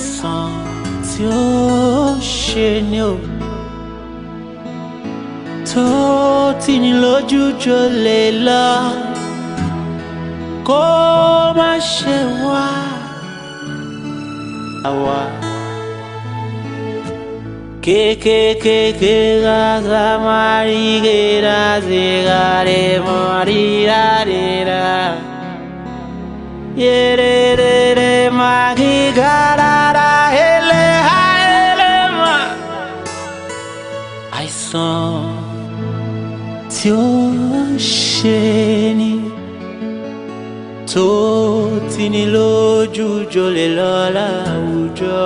àìsàn tí ó ṣe ni o tó tì ní lójú jò lè lọ kó má ṣe wá àwa kékékéké rárá máa rí gèrà sí rárá mọ́ rí rárá. Yerere magi gara sàn tí ó ṣe ni tó ti ní lójú jolè lọ láwùjọ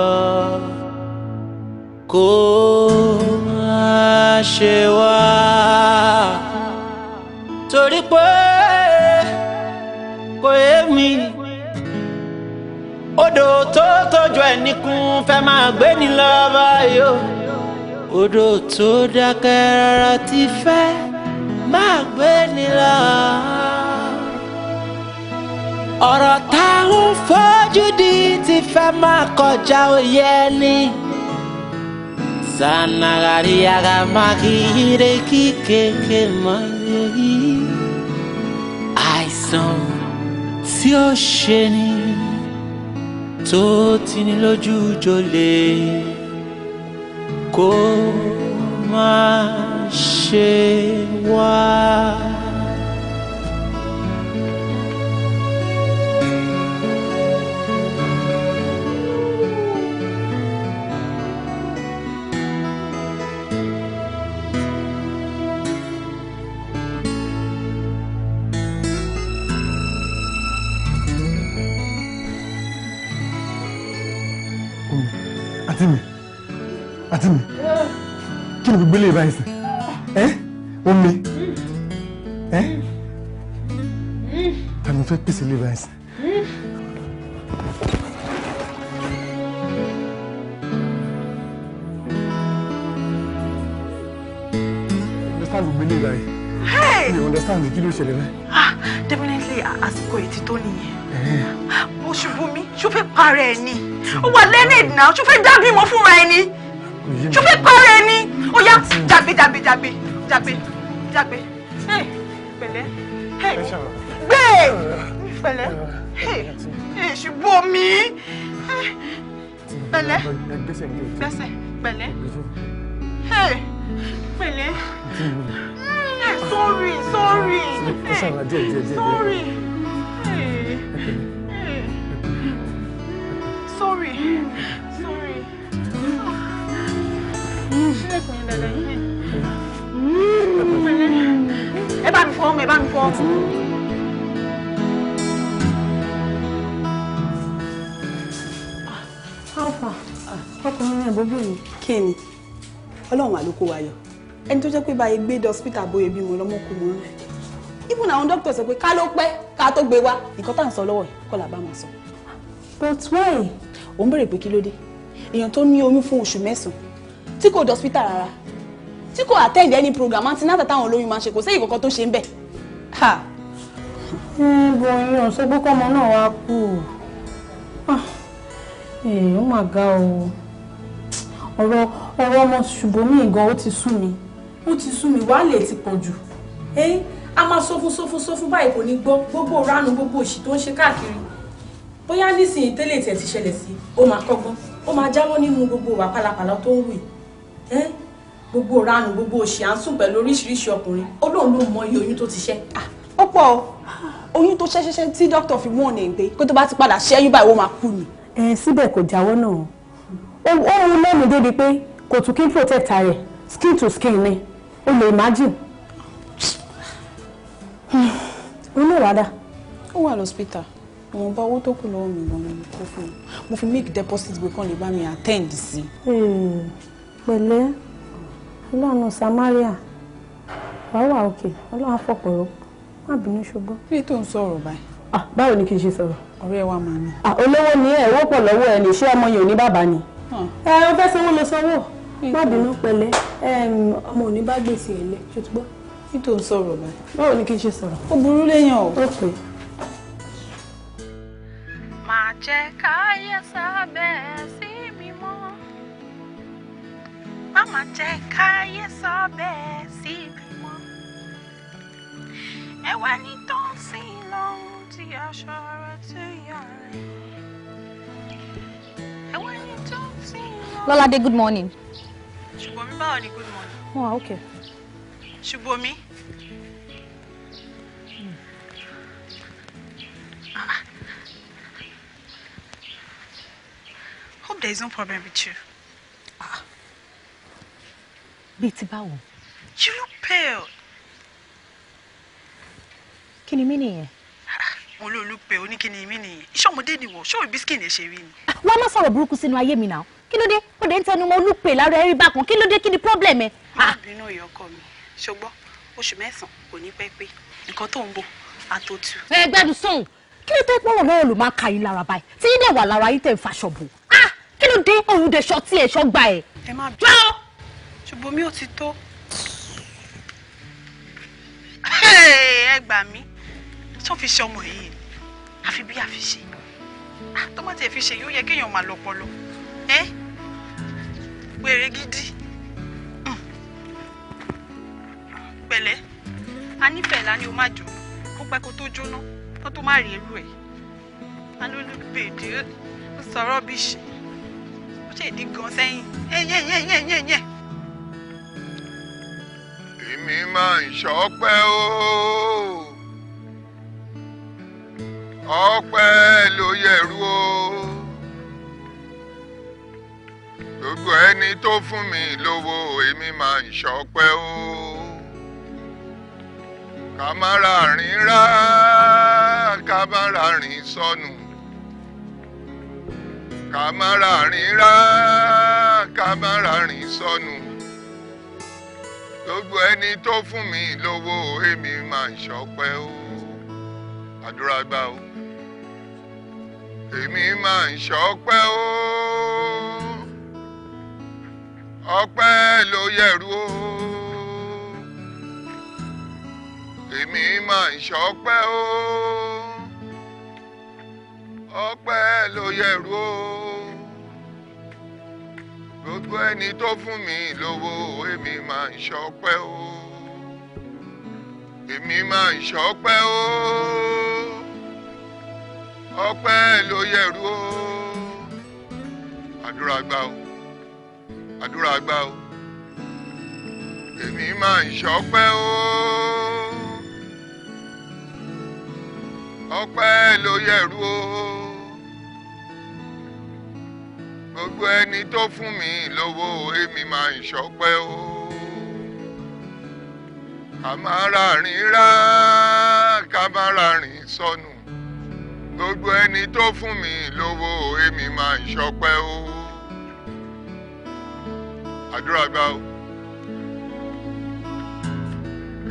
kó má ṣe wá torí pé kò yé mi odò tó tọ́jú ẹ̀ nìkún fẹ́ máa gbé ni lọ báyìí odò tó dákẹ́ rárá ti fẹ́ máa gbé ni lọ. ọ̀rọ̀ táwọn fojú di ti fẹ́ máa kọjá òye ni. sanagariaga magire kíkeke mọ́lẹ́yì àìsàn tí ó ṣe ni tó ti ní lójú jọlẹ̀ kó má ṣe wá. àti mi gbélé báyìí sàn ẹ omi ẹ àmì fẹ́ pèsè lè báyìí sàn. understand gbélé báyìí. mi ò understand kí ló ṣẹlẹ̀ ah definitely àsìkò ètí tó nìyẹn mo ṣubú mi ṣó fẹ́ para ẹ̀ ni ó wà lẹ́nẹ̀dì náà ṣó fẹ́ dábìmọ̀ fúnra ẹni ṣó fẹ́ para ẹni ó yá mm. jàgbé jàgbé jàgbé jàgbé jàgbé pẹ̀lẹ́ gbé pẹ̀lẹ́ ṣubú omi pẹ̀lẹ́ gbẹ́sẹ̀ pẹ̀lẹ́ pẹ̀lẹ́ sorry sorry sorry sorry. ẹ bá mi fọ́ ọmọ ẹ bá mi fọ́ ọmọ. alfa ọkùnrin ẹ̀ bóbú mi. kí ni ọlọ́run àlókò wa yọ ẹni tó jẹ́ pé báyìí gbé dọ́sítà bóyá bímọ lọ́mọkùnrin rẹ̀ even àwọn dókítà sọ pé ká ló pẹ́ ká tó gbé wa nǹkan tá à ń sọ lọ́wọ́ yìí kọ́ là máa sọ. but why? òun béèrè pé kí ló dé èèyàn tó ní oyún fún oṣù mẹ́sàn-án tí kò dọ́sítà rárá tí kò attend any program àti náà tàtàwọn olóyún máa ṣe kò sẹ́yìn kankan tó ṣe ń bẹ̀. ẹ bọ iye ọ̀sẹ̀ gbọ́kọ́ ọmọ náà wá kú o ah, eh, ó mà ga o ọ̀rọ̀ ọ̀rọ̀ ọmọ ṣùgbọ́mí gan ó ti sú mi ó ti sú mi wàá lè ti pọ̀ jù eh, a máa sọfún sọfún sọfún báyìí kò ní gbọ́ gbogbo ránù gbogbo òṣì tó ń ṣe káàkiri bóyá nísìnyí tẹ́lẹ̀ tẹ̀ ti ṣẹlẹ̀ sí ó máa kọ́gbọ́n ó máa jáwọ́ nínú gbogbo wà pálapàla tó ń wù yìí eh, gbogbo ranu gbogbo òṣì à ń sùn pẹ̀lú oríṣiríṣi ọkùnrin ó ló mọ iye oyún tó ti ṣẹ́. ó oyún tó ṣẹ́ṣẹ́ṣẹ́ tí dókítà fi wọ́n ní pé tó bá ti padà ṣẹ́yún báyìí ó máa kú ni. ẹ síbẹ̀ kò jáwọ́ náà ó ń lẹ́nu débi pé kò tún kí n protect rẹ̀ skin to skin ni o lè imagine. inú ìwádà. ó wà lọ́sítà àwọn ọba owó tó kù lọ́wọ́ mi gan-an kó fún mo fi make deposit gbé kán lè bá mi attend sí. Hmm, pẹ̀lẹ́ ọlọ́run samaria wàá wà òkè ọlọ́run afọ̀pọ̀rọ̀ má bínú ṣùgbọ́n. kí tó ń sọ̀rọ̀ báyìí. Ah, báwo ni kí n ṣe sọ̀rọ̀. ọ̀rẹ́ wa máa ní. Ah, olówó ni ẹ owó pọ̀ lọ́wọ́ ẹ lè ṣé ọmọ yẹn ò ní bàbá ni. Ah. ẹ ọ fẹ́ sanwó lọ sanwó má bínú pẹ̀lẹ́ ọmọ ò ní bá gbèsè ẹ̀ lẹ̀ ṣùgbọ́n. kí tó ń sọ̀rọ̀ báyìí. báwo ni kí n ṣe sọ̀rọ̀. ó burú léèyàn o. ó pè é má jẹ́ káyé sábẹ́ sí má mà jẹ́ káyé sọ bẹ́ẹ̀ sí mi mọ́. ẹwà ní tó ń sìn lọ́hùn tí aṣọ ọ̀rọ̀ tó yàn rẹ̀. ẹwà ní tó ń sìn lọ́hùn. Lọ́ládé good morning. ṣùgbọ́n mi báwo ni good morning. wọ́n wà ókè. ṣùgbọ́n mi. Hope there is no problem with you bíi ti báwo. you look pale. kí ni mí nìyẹn. mo ló look pale oníkíni mí nìyẹn iṣẹ́ ọmọdé ni wọ̀ ṣé òbí skin ẹ̀ ṣe rí ni. Ah, wọ́n má sọ̀rọ̀ burúkú sínú ayé mi náà kí ló dé ó dé ń tẹnu mọ́ look pale lára ẹ̀rí bákan kí ló dé kí ni problem ẹ. má ah. bínú ìyọkọ mi ṣùgbọ́n oṣù mẹ́sàn-án kò ní pẹ́ pé nǹkan tó ń bọ̀ àtòtù. ẹ gbádùn sóhun kí ló tẹ́ pọ́nrọ̀ lọ́wọ́ ló máa ka yín lára báyìí tí yín dẹ̀ wà lára yín tẹ̀ ń faṣọ bò. Ah! kí ló dé òun dẹ̀ ṣọtí ẹ̀ ṣọgbà ẹ̀. ẹ má bínú ti bomi ó ti tó. ẹ gbà mí tó fi ṣe ọmọ yìí àfi bí àfi ṣe ah, tó má tiẹ̀ fi ṣe yóò yẹ kéèyàn máa lọ pọlọ ẹ wèrè gidi hmm. pẹ̀lẹ́ a nífẹ̀ẹ́ lánìí o má jò ó pẹ́ kó tó jóná kó tó má rí irú ẹ̀ alólùbèdè ó sọ̀rọ̀ bí ṣe ó ṣèdí gan sẹ́yìn yẹ́yẹ́yẹ́yẹ́yẹ́ èmi máa ń ṣọpẹ́ o ọpẹ́ ló yẹ̀rù o gbogbo ẹni tó fún mi lówó èmi máa ń ṣọpẹ́ o kàmárà rìn rà kàmárà rìn sọnù kàmárà rìn rà kàmárà rìn sọnù gbogbo ẹni tó fún mi lówó èmi máa ń ṣọpẹ́ o àdúrà gbà o èmi máa ń ṣọpẹ́ o ọpẹ́ ló yẹ̀rù o èmi máa ń ṣọpẹ́ o ọpẹ́ ló yẹ̀rù o gbogbo ẹni tó fún mi lówó èmi máa ń ṣọpẹ́ o èmi máa ń ṣọpẹ́ o ọpẹ́ ló yẹ̀rù o àdúrà gbà o àdúrà gbà o èmi máa ń ṣọpẹ́ o ọpẹ́ ló yẹ̀rù o gbogbo ẹni tó fún mi lówó èmi máa ń ṣọpẹ́ o kàmáràrin rà kàmáràrin sọnù gbogbo ẹni tó fún mi lówó èmi máa ń ṣọpẹ́ o àdúrà gbà o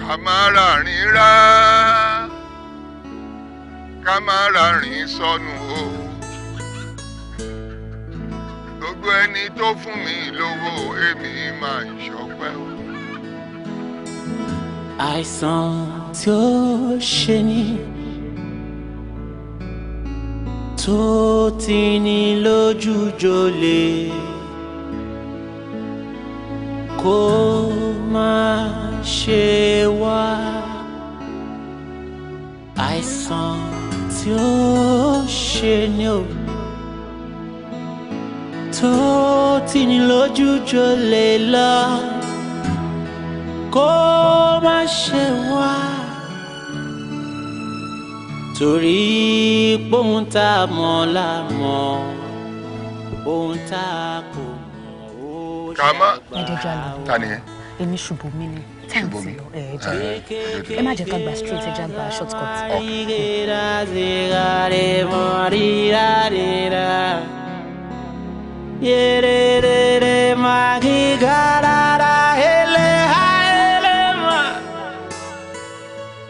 kàmáràrin rà kàmáràrin sọnù o gbogbo ẹni tó fún mi lówó èmi máa ń ṣọpẹ́ o. àìsàn tí ó ṣe ní tó ti ní lójú jolè kó máa ṣe wá àìsàn tí ó ṣe ní òru tó tì ní lójú jọlẹ̀ lọ kó má ṣe wá torí pohun tá a mọ̀ la mọ̀ ohun tá a kò mọ̀ ó ṣàgbà ó ta ni yẹn èmi Ṣùbọ́mi ni ṣùgbọ́n mi ẹ má jẹ́ ká gba straight ẹ já gba short cut. Yerere magi garara ele ha ele ma.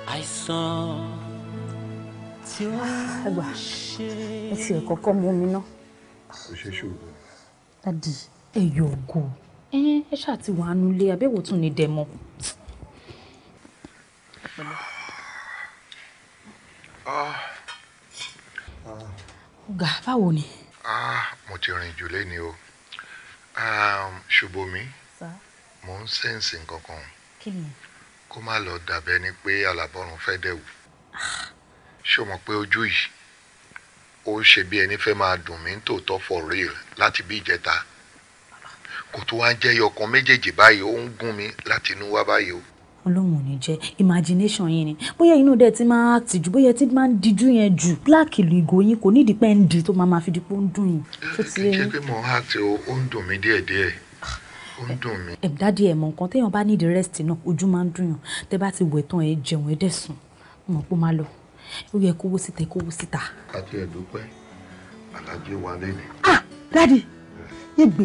Àìsàn tí ó àgbà ẹ ti kọ́kọ́ mú mi ná. Ó ṣe ṣòro. Dádì ẹ yọ ògo. Ẹ ṣáà ti wà nínú ilé abẹ́wò tún ni dẹ̀ mọ́. Ah. Ọ̀gá báwo ni? ah mo ti rìn jù lẹ́ni o ṣubomi mo ń sẹ́ǹsì kankan kó má lọ dàbẹ́ ni pé alábọ́run fẹ́ dẹ̀wù ṣé o mọ̀ pé ojú yìí ó ṣe bí ẹni fẹ́ máa dùn mí tòótọ́ for real láti bí ìjẹta kò tó wá ń jẹ́ yọkan méjèèjì báyìí ó ń gún mi láti inú wá báyìí o ọlọ́run ò ní jẹ́ imagination yín ni bóyá inú dẹ̀ ti máa act jù bóyá ti máa ń dijú yẹn jù black lu ìgò yín kò nídìí pé tó máa máa fi di pé ó ń dùn yín. kì pé mo ń act o ó ń dùn mí díẹ̀díẹ̀ ó ń dùn mí. ẹ dáàdi ẹ mọ nǹkan téèyàn bá ní ìdí rest náà ojú máa ń dùn yàn tẹ bá ti wẹ̀ tán ẹ jẹun ẹ dẹ̀ sùn mọ̀ pé ó máa lọ ó yẹ kówó síta kówó síta. àti ẹ̀dúpẹ́ alájẹ wa lẹ́nu. ah dáàdi yé gbé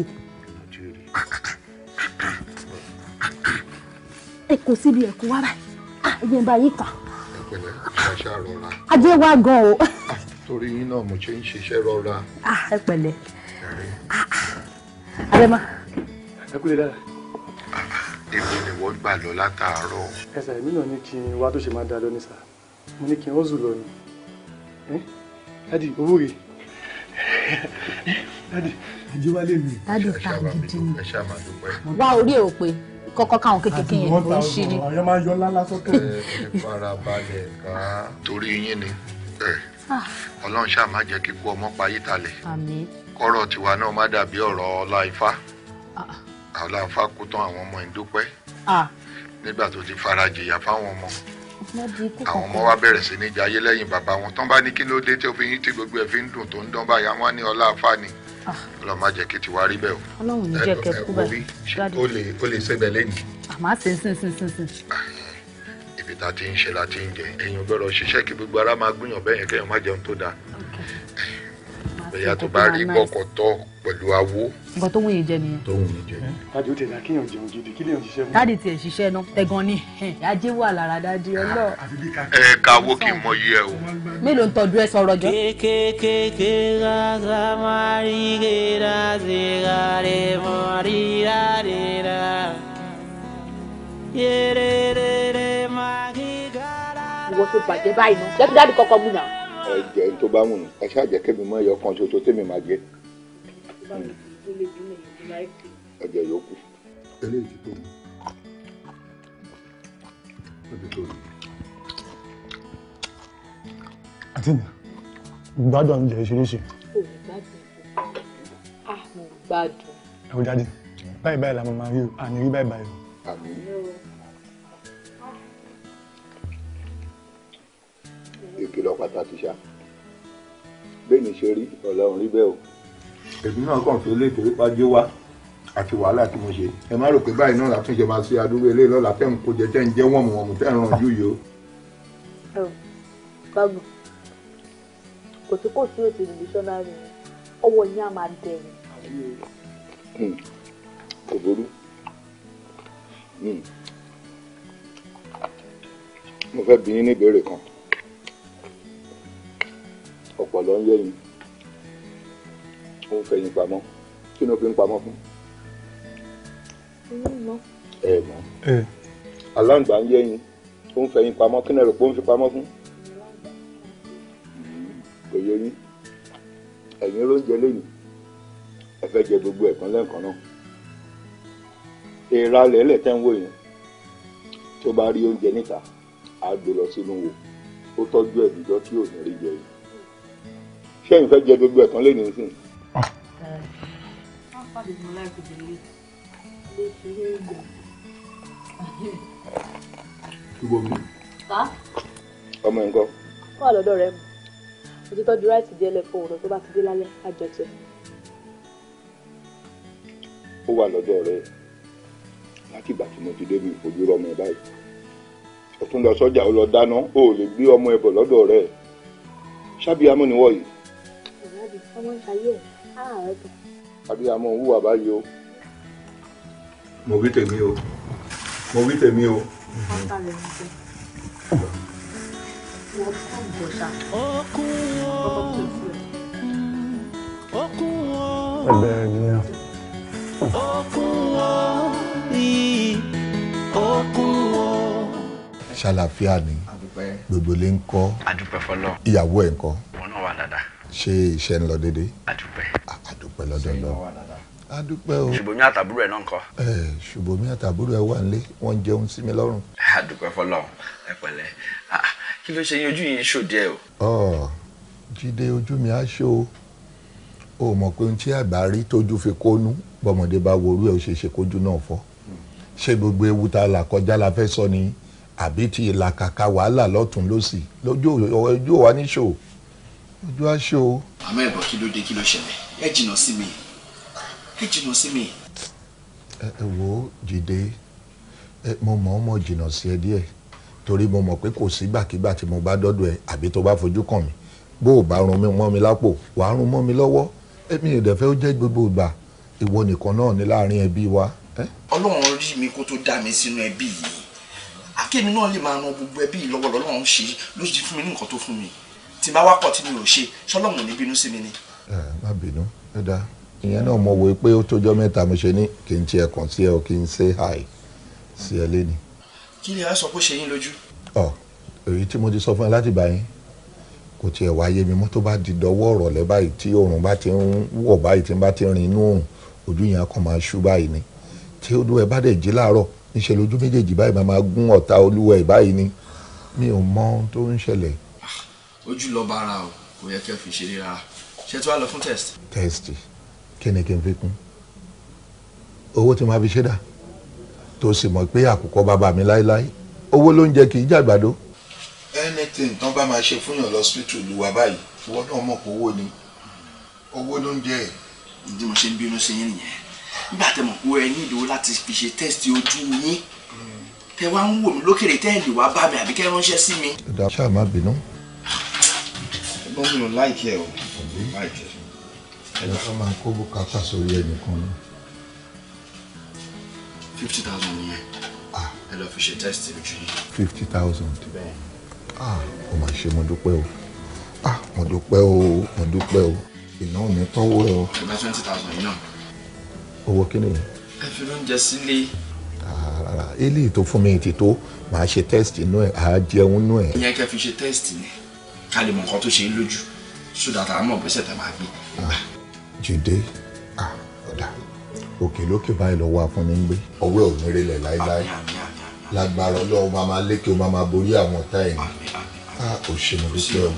èkó síbi ẹ̀kọ́ wá báyìí ah ìyẹn bá yìí kàn. ẹ pẹ̀lẹ́ ṣàṣà rọra. ajé wa gan o. Ah, torí yín náà mo ṣe ń ṣiṣẹ́ rọra. ah ẹ pẹ̀lẹ́. àrẹ̀mọ. Ah, ah. ẹ kúlẹ̀ dára. èmi ni wọ́n gbà lọ látàárọ̀. ẹ sà èmi náà ní kí n wá tó ṣe máa dá lọ ní sà mo ní kí n ó zù lọ ni. dádì owó rè dádì àjẹwálé mi. dádì tá a gidi ni. wá orí ẹ̀ ò pé kọ́kọ́ káwọn kékeré yẹn ló ń ṣe ni. ọ̀yọ́ máa yọ lálá sọ́tọ̀. ìfarabalẹ̀ ká torí yín ni ah. ọlọ́run ṣáà má jẹ́ kíkú ọmọ payé talẹ̀ kọ́rọ̀ tiwa náà má dàbí ọ̀rọ̀ ọlá ifá ah. ọlá ifá kú tán àwọn ọmọ ìdúpẹ́ ah. nígbà tó ti farajìyà fáwọn ọmọ àwọn ọmọ wa bẹ̀rẹ̀ sí ní jayé lẹ́yìn bàbá wọn tán bá ní kí ló dé tí òfin yín tí gbogbo ẹ̀ fi ń dùn tó ń dán báyà wọn ní ọlá ifá ni ọlọ́run má jẹ́ kí tiwa rí bẹ́ẹ̀ o. ọlọ́run ní jẹ́ kẹ́ kú báyìí. o lè o lè ah, ṣe bẹ́ẹ̀ lẹ́yìn. àmọ́ sin sin sin sin sin. ibi tá a ti ń ṣe la ti ń jẹ èèyàn gbọ́dọ̀ ṣiṣẹ́ kí gbogbo ara máa gbìyànjú bẹ́ẹ̀ yẹn kéèyàn má jẹun tó dáa bẹ́yà tó bá rí gbọ́kọ̀ tọ́ pẹ̀lú awó. nǹkan tó wù jẹ nìyẹn. tó wù jẹ nìyẹn. dádì ó tẹ̀lé akéèyàn jẹun gidi kí lèèyàn ṣiṣẹ́ fún. dádì tiẹ̀ ṣiṣẹ́ náà tẹ̀gàn ni ajé wà lára dádì ah, ọlọ́. ẹ ká wo kí n mọ iye ẹ o. mélòó ń tọdú ẹ sọ̀rọ̀ jọ. kékékéké rárá máa rí gèrà sí rárẹ̀ mọ́ rí rárẹ̀ rà yẹ́rẹ́rẹ́rẹ́ máa kí gàrà. ìwọ tó bàjẹ́ báyìí náà jẹ́ ẹ jẹ tó bá wù ní ẹ ṣáà jẹ kébì mọ ẹyọ kan ṣoṣo tèmi máa jẹ. ẹ jẹ yòókù. eléyìí ti tó mi ó ti tó gbádùn oúnjẹ oríṣiríṣi. Ah, mo gbádùn. ẹ wò jáde báyìí báyìí la mo máa rí o àní rí báyìí báyìí o. àmín. èké lọ pàtàkì ṣá bẹ́ẹ̀ ni ṣe rí ọ̀làrun rí bẹ́ẹ̀ o. èmi náà kàn fi léètò rí pàjẹ́ wá àti wàhálà tí mo ṣe ẹ má rò pé báyìí náà látúnṣe máa ṣe adúrú eléyìí lọ́la tẹ́ ń kó jẹ tẹ́ ń jẹ́ wọ̀mù wọ̀mù tẹ́ ń ràn jù yìí o. gbàgbọ́ kò sí kò sí ètò ìdíṣọ́nárì ọwọ́ yín á máa dẹ̀rù. Hmm, kò burú hmm. mo fẹ́ bi yín ní ìbéèrè kan ọ̀pọ̀lọ́ ń yẹ̀yìn ó ń fẹ̀yìn pamọ́ kí ni ó fi ń pamọ́ fún. ẹ mọ aláǹgbá ń yẹ̀yìn ó ń fẹ̀yìn pamọ́ kí ni ẹ̀rọ pé ó ń fi pamọ́ fún. kò yẹ yín ẹ̀yin ló ń jẹ lẹ́yìn ẹ fẹ́ jẹ gbogbo ẹ̀kan lẹ́ẹ̀kan náà èèrà lẹ́lẹ̀ tẹ́ ń wò yẹn tó bá rí oúnjẹ níta á lọ sínú wo ó tọ́jú ẹ̀dùjọ́ tí ò ní rí jẹ yìí ṣẹ́yìn fẹ́ jẹ gbogbo ẹ̀tàn lé nìyí sìn. ṣùgbọ́n mi. ọmọ ẹ̀ ń kọ́. wà lọ́dọ̀ rẹ mu mo ti tọ́jú ráìtì díẹ̀ lẹ́fọ́ ọ̀nà tó bá ti dé lálẹ́ àjọtẹ. ó wà lọ́dọ̀ rẹ láti ìgbà tí mo ti débi ìfojú rọmọ ẹ báyìí ó tún lọ sọ́jà ó lọ dáná ó lè gbé ọmọ ẹ bọ̀ lọ́dọ̀ rẹ ṣábíàmọ́ ni wọ́n yìí jáde ọmọ ṣayé ẹ̀ ara rẹ̀ dùn. àbí àmọ́ òun wà báyìí o. mo wí tèmi o mo wí tèmi o. pátálẹ̀ ń jẹ́ wọ́n kọ́ ìbọ̀ṣà ọkọ̀ tó ti rẹ̀. ẹ̀bẹ̀rẹ̀ ni a. ṣàlàfíà ni gbogbo ilé ń kọ́ ìyàwó ẹ̀ ń kọ́. òun náà wà dáadáa ṣé iṣẹ́ ń lọ dédé. àdúpẹ́. àdúpẹ́ lọ́dọ̀ lọ. àdúpẹ́ o. ṣùgbọ́n àtàbúrò ẹ̀ náà ń kọ́. ẹ ṣùgbọ́n mi àtàbúrò ẹ̀ wà nílé wọ́n jẹun sí mi lọ́rùn. àdúpẹ́ fọlọ́ ẹ pẹ̀lẹ́ kí ló ṣe yín ojú yìí ṣò díẹ̀ o. ọ jíde ojú mi á ṣe o o mọ̀ pé ohun tí àgbà rí tójú fi kónú bọ́mọdé bá worú ẹ̀ ó ṣe ṣe kójú náà fọ́ ṣé gbogbo ewu tá a là kọjá la fẹ́ sọ ni àbí ti ìlàkàkà wàhálà lọ́tún lọ́sì lójú òwa níṣòwò ojú aṣọ o. àmọ́ ẹ̀bọ̀ kí ló dé kí ló ṣẹlẹ̀ ẹ jìnnà sí mi ẹ jìnnà sí mi. ẹ wo Jídé ẹ mo mọ̀ ọ́ mọ̀ jìnnà sí ẹ díẹ̀ torí mo mọ̀ pé kò sígbàkigbà tí mo bá dọ́dọ̀ ẹ àbí tó bá fojú kàn mí bó o bá run mọ́ mi lápò wà á run mọ́ mi lọ́wọ́ èmi ò dẹ̀ fẹ́ ó jẹ́ gbogbo ìgbà ìwọ nìkan náà ní láàrin ẹbí wa. ọlọ́run rí mi kó tó dá mi sínú ẹbí yìí akémi náà lè máa ran gbogbo ẹbí lọ́wọ́ lọ́lọ́run ṣe ló ti fún mi ní nǹkan tó fún mi tí bá wá pọ̀ tí mi ò ṣe ṣọlọ́mù ní bínú sí mi ni. ẹ má bínú ẹ dá ìyẹn náà mo wò ó pé ó tójọ́ mẹ́ta mo ṣe ní kí n tiẹ̀ kàn sí ẹ o kí n ṣe hi sí ẹ lé ni. kí ni a sọ pé ó ṣe yín lójú. ọ èyí tí mo ti sọ fún ẹ láti bá yín kò tiẹ̀ wáyé mi mọ́ bá di dọwọ́ ọ̀rọ̀lẹ́ báyìí tí òòrùn bá ti ń wọ̀ báyìí tí n bá ti rìn inú òòrùn ojú yẹn kàn máa ṣú báyìí ni tí olú ẹ bá dẹ̀ jí láàárọ̀ níṣẹ́ lójú méjèèjì báyìí máa gún ọ̀tá olúwẹ̀ báyìí ni mi ò mọ ohun tó ń ṣẹlẹ̀ ojú lọ bá ara o kò yẹ kí ẹ fi ṣeré rárá ṣé tí wàá lọ fún test. test kí ni kí n fi kún owó tí màá fi ṣe dà tó sì mọ̀ pé àkùkọ bàbá mi láéláé owó ló ń jẹ́ kì í jàgbàdo. anything tán bá máa ṣe fúnyàn lọ sípítù lùwà báyìí ìwọ náà mọ̀ pé owó ni owó ló ń jẹ ẹ̀. ìdí mo ṣe ń bínú sí yín nìyẹn nígbà tẹ mọ̀ pé ẹ ní ìdíwọ́ láti fi ṣe test ojú yín tẹ wá ń wò mí lókèrè tẹ́ ẹ̀ lè wá bá mi àbí kẹ́ ránṣẹ́ sí mi. ṣáà má bínú kọ́ mi ò láìkẹ́ o láìkẹ́. ẹ̀rọ kan máa kó bùkátà sórí ẹnìkan náà. fifty thousand ni ah. ẹ lọ fi ṣe test ojú yìí. fifty thousand. ah o máa ṣe mo dúpẹ́ o ah mo dúpẹ́ o mo dúpẹ́ o ìnáwó mi tọ́wọ́ ẹ o. ẹgbẹ́ twenty thousand yìí náà. owó kí ni. ẹ fi lóúnjẹ sílé. Ah, rárá eléyìí tó fún mi ti tó màá ṣe test inú ẹ àá jẹun inú ẹ. ìyẹn kẹ́ fi ṣe test ni ká lè mọ nǹkan tó ṣe é lójú sódà tá a mọ̀ gbèsè tá a máa gbé. Ah, jìde ah, ọ̀dà òkè lókè báyìí lọ́wọ́ afúnni ń gbé ọwọ́ ò ní relẹ̀ láéláé lágbára ọlọ́run máa máa lékè ó máa máa borí àwọn ọ̀tá ẹ̀ ní. ò ṣe mo dúpẹ́ o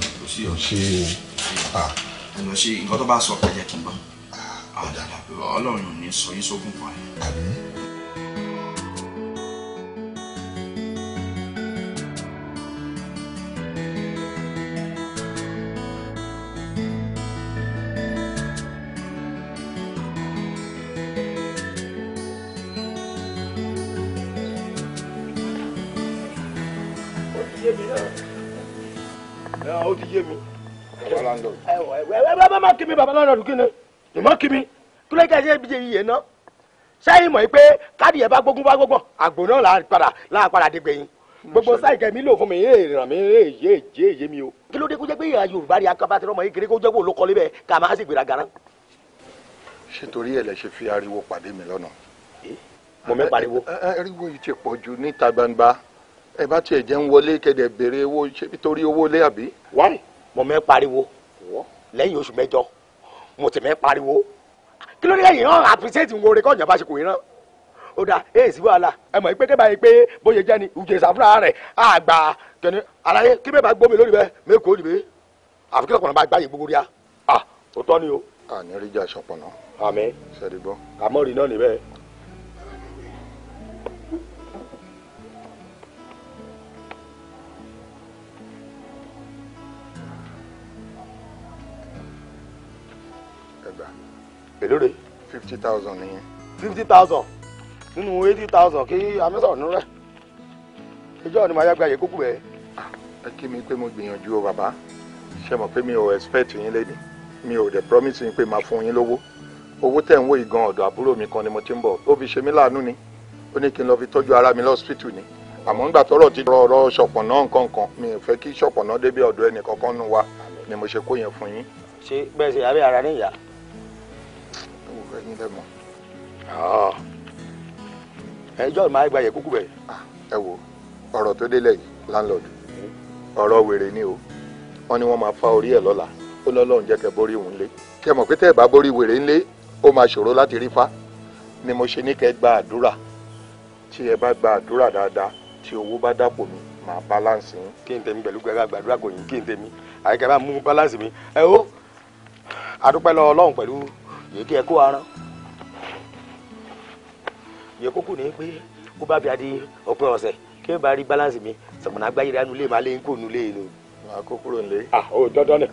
ò ṣe o. ẹnu ah. ṣe nǹkan tó bá sọ ẹ jẹ́ kí n gbọ́ ọlọ́run ò ní sọ yín sógun kan. kí mi bàbá lọ́dọọdún kí ni ìmọ̀ kí mi kí ló ń kẹ́sẹ́ ibi yìí ná sẹ́yìn mọ̀ pé káàdì yẹn bá gbógun bá gbógun àgbò náà làá padà làá padà dé gbẹ̀yìn gbogbo sáì kẹ́mi lò fún mi yé ràn mí yé yé yé yé mi o. kí ló dé kó jẹ́ pé ìyá Yorùbá rí akọ́bátẹ́ ọmọ yìí kéré kó jẹ́ kó ló kọ́lé bẹ́ẹ̀ ká máa sì gbéra garan. ṣé torí ẹ lẹ ṣe fi ariwo pàdé mi lọ́nà. Eh, mo mẹ́ pariwo. ariwo yìí ti pọ̀ ju níta gbangba ẹ bá tiẹ̀ jẹ́ ń wọlé kẹ́dẹ̀ béèrè owó ṣé torí owó lé àbí. wáyé mo mẹ́ pariwo lẹ́yìn oṣù mẹ́jọ mo ti mẹ́ pariwo kí ló dé yìí hàn àpísẹ́ẹ̀tì wo rẹ̀ kọ́nyàn bá ṣe kò yín rán ó dáa èyí sí wàhálà ẹ mọ̀ pé kébà yìí pé bóyá jẹ́ ni ìjẹsà fúnra rẹ̀ àgbà kẹ́ni aláyé kí bẹ́ẹ̀ bá gbómi lórí bẹ́ẹ̀ mẹ́kọ́ òdìbẹ́ àfi kí lọ́kùnrin bá gbáyé gbogbo rí a ó tọ́ ni o. àní rí jà ṣọpọ̀nà. àmín. sẹ́ẹ̀dì gbọ́. àmọ́ rí náà níbẹ̀. èlóore fifty thousand nìyẹn. fifty thousand nínú eighty thousand kí amẹ́sàn ọ̀nù rẹ̀ ìjọ ni màá yá gba àyẹ̀kókù bẹ́ẹ̀. ẹ kí mi pé mo gbìyànjú o bàbá ṣe mọ̀ pé mi ò expect yín lẹ́nu mi ò dẹ̀ promise yín pé màá fún yín lówó owó tẹ̀ ń wò yìí gan ọ̀dọ̀ àbúrò mi kan ni mo ti ń bọ̀ ó fi ṣe mí láàánú ni ó ní kí n lọ fi tọ́jú ara mi lọ́sítítù ni àmọ́ nígbà tọ́rọ̀ ti rọ ọ̀rọ̀ ṣọ̀pọ̀nà nǹkan kan mi ò fẹ́ kí ṣọ̀pọ̀nà débi ọ̀dọ̀ ẹnì nù wa ni mo ṣe kó yẹn fún yín. ṣé bẹ́ẹ̀ ṣe àbí ara níyà ẹ̀yin lẹ mọ̀. ẹjọ́ máa gba yẹ̀kúkú bẹ̀. Ah, ẹ wo ọ̀rọ̀ tó délẹ̀ yìí landlord ọ̀rọ̀ wèrè ni o wọ́n ní wọ́n máa fa orí ẹ̀ lọ́la ó lọ́lọ́run jẹ́ kẹ́ borí òun lé kẹ́ mọ̀ pé tẹ́ ẹ̀ bá borí wèrè ńlé ó máa ṣòro láti rí fa ni mo ṣe ní kẹ́ gba àdúrà tí ẹ bá gba àdúrà dáadáa tí owó bá dàpọ̀ mi máa balance yín. kí n tẹ̀mí pẹ̀lú gbẹ̀gbẹ̀ gbàdúrà kò yín kí n tẹ̀mí àyíká bá mú balance mi ẹ o àdúpẹ́ lọ ọlọ́run pẹ̀lú yìí kí ẹ kó aràn yìí kókò ní pé kó bá bí adé ọpẹ ọ̀sẹ̀ kí ẹ bá rí balance mi sọmọnà agbáyé rẹ anulé màá lé nkó nulé ni. màá kó kúrò nílé. ah o dandan ni.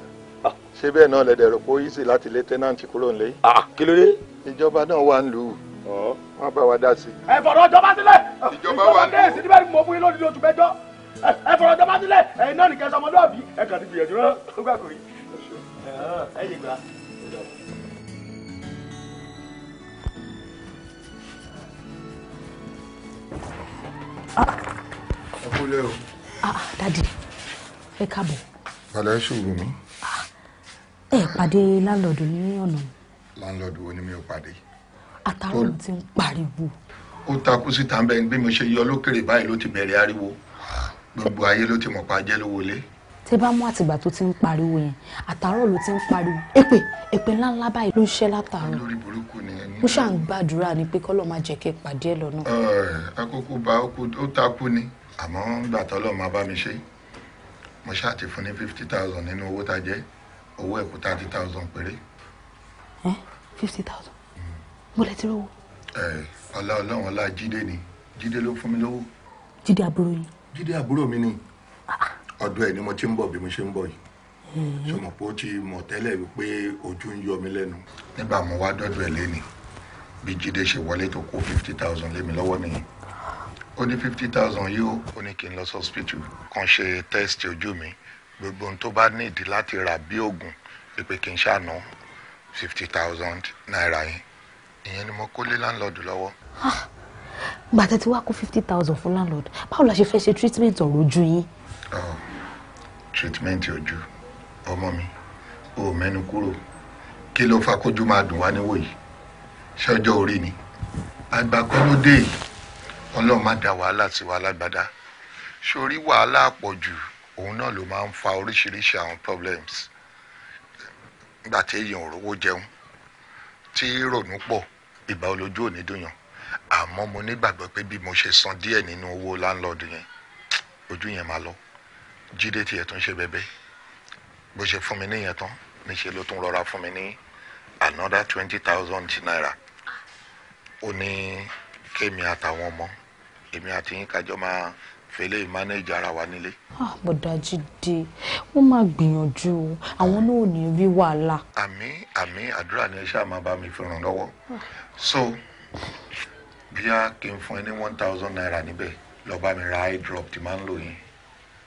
Ah, ṣé bẹ́ẹ̀ náà lẹ́dẹ̀ rò pé ó yí sí láti lé tẹ́nàntì kúrò nílé. ah kí ló dé. ìjọba náà wà ń lù ú. wọ́n bá wa dá sí. ẹ fọ̀rọ̀ ìjọba sílẹ̀. ìjọba wà ń lù ú. ìjọba kẹ́hìn sí níbẹ̀ ni mo fún yín lónìí lóṣù mẹ́jọ. ẹ fọ̀rọ̀ ìjọba sílẹ̀ ẹ̀yin náà nìkẹ́ sọmọlúwàbí ẹ kàn ti gbìyànjú rẹ ó ẹ kúlẹ̀ o. Ah, ah, dadi ẹ káàbọ̀. padà ẹ ṣòro mi. Ah, ẹ pàdé láńlọ́ọ̀dù ní ọ̀nà. láńlọ́ọ̀dù wo ni mi ò pàdé. àtàwọn ti ń pariwo. ó takú síta bẹ́ẹ̀ bí mo ṣe yọ lókèrè báyìí ló ti bẹ̀rẹ̀ ariwo gbogbo ayé ló ti mọ̀ pa jẹ́ lówó lé tẹ bá mú àtìgbà tó ti ń pariwo yẹn àtàárọ̀ ló ti ń pariwo èpè èpè ńláńlá báyìí ló ń ṣẹ́ látàárọ̀ mo ṣáà gbàdúrà ni pé kọ́lọ́ máa jẹ́ kẹ́ pàdé ẹ̀ lọ́nà. akókó ba ó takú ni àmọ́ gbà tọ́lọ́ máa bá mi ṣe mo ṣáà fún ní fifty thousand nínú owó tá a jẹ owó ẹ̀kú thirty thousand péré. ẹ fifty thousand mo lè ti rówó. ẹ ọlá ọlọ́run ọlá jíde ni jíde ló fún mi lówó. jíde àbúrò yìí. jíde àbúrò mi ni ọdún ẹ ni mo ti ń bọ̀ bí mo ṣe ń bọ̀ yìí ṣe mọ̀ pé ó ti mọ̀ tẹ́lẹ̀ wípé ojú ń yọ mí lẹ́nu. nígbà mo wá dọ́dọ̀ ẹ̀ lẹ́nìí bí jíde ṣe wọlé tó kó fifty thousand lé mi lọ́wọ́ nìyí ó ní fifty thousand yìí ó ní kí n lọ sí hospital kan ṣe test ojú mi gbogbo ohun tó bá nídìí láti rà bí oògùn pípé kí n ṣàná fifty thousand naira yẹn ìyẹn ni mo kó lé láńlọ́ọ̀dù lọ́wọ́. Ah, gbàtẹ́ tí wàá kó fifty thousand fún láńlọ́ọ̀dù báwo la ṣe fẹ́ ṣe treatment ọ̀rọ̀ ojú yín treatment ojú ọmọ mi ò mẹ́nu kúrò kí ló fa kójú máa dùn wá níwò yìí ṣọjọ́ orí ni àgbàkọ́lódé ọlọ́run má da wàhálà sí wa lágbádá sórí wàhálà àpọ̀jù òun náà ló máa ń fa oríṣiríṣi àwọn problems nígbà tí èèyàn ò rówó jẹun tí rònú pọ̀ ìgbà olójú ò ní dùnyàn àmọ́ mo nígbàgbọ́ pé bí mo ṣe san díẹ̀ nínú owó láńlọ́ọ̀dù yẹn ojú yẹn máa lọ jíde tiẹ̀ tó ń ṣe bẹ́bẹ́ bó ṣe fún mi níyẹn tán níṣẹ́ ló tún rọra fún mi ní another twenty thousand naira ó ní kémi àtàwọn ọmọ èmi àti yín kájọ máa fẹlẹ manager ara wa nílé. àbọ̀dá ah, jíde wọ́n máa gbìyànjú o àwọn náà ò ní rí wàhálà. àmì àmì àdúrà ni ẹ ṣáà máa bá mi fi lọ́wọ́ so bíyà kí n fún ẹ ní one thousand naira níbẹ̀ lọ́ọ́ bá mi ra eye drop tí máa ń lò yín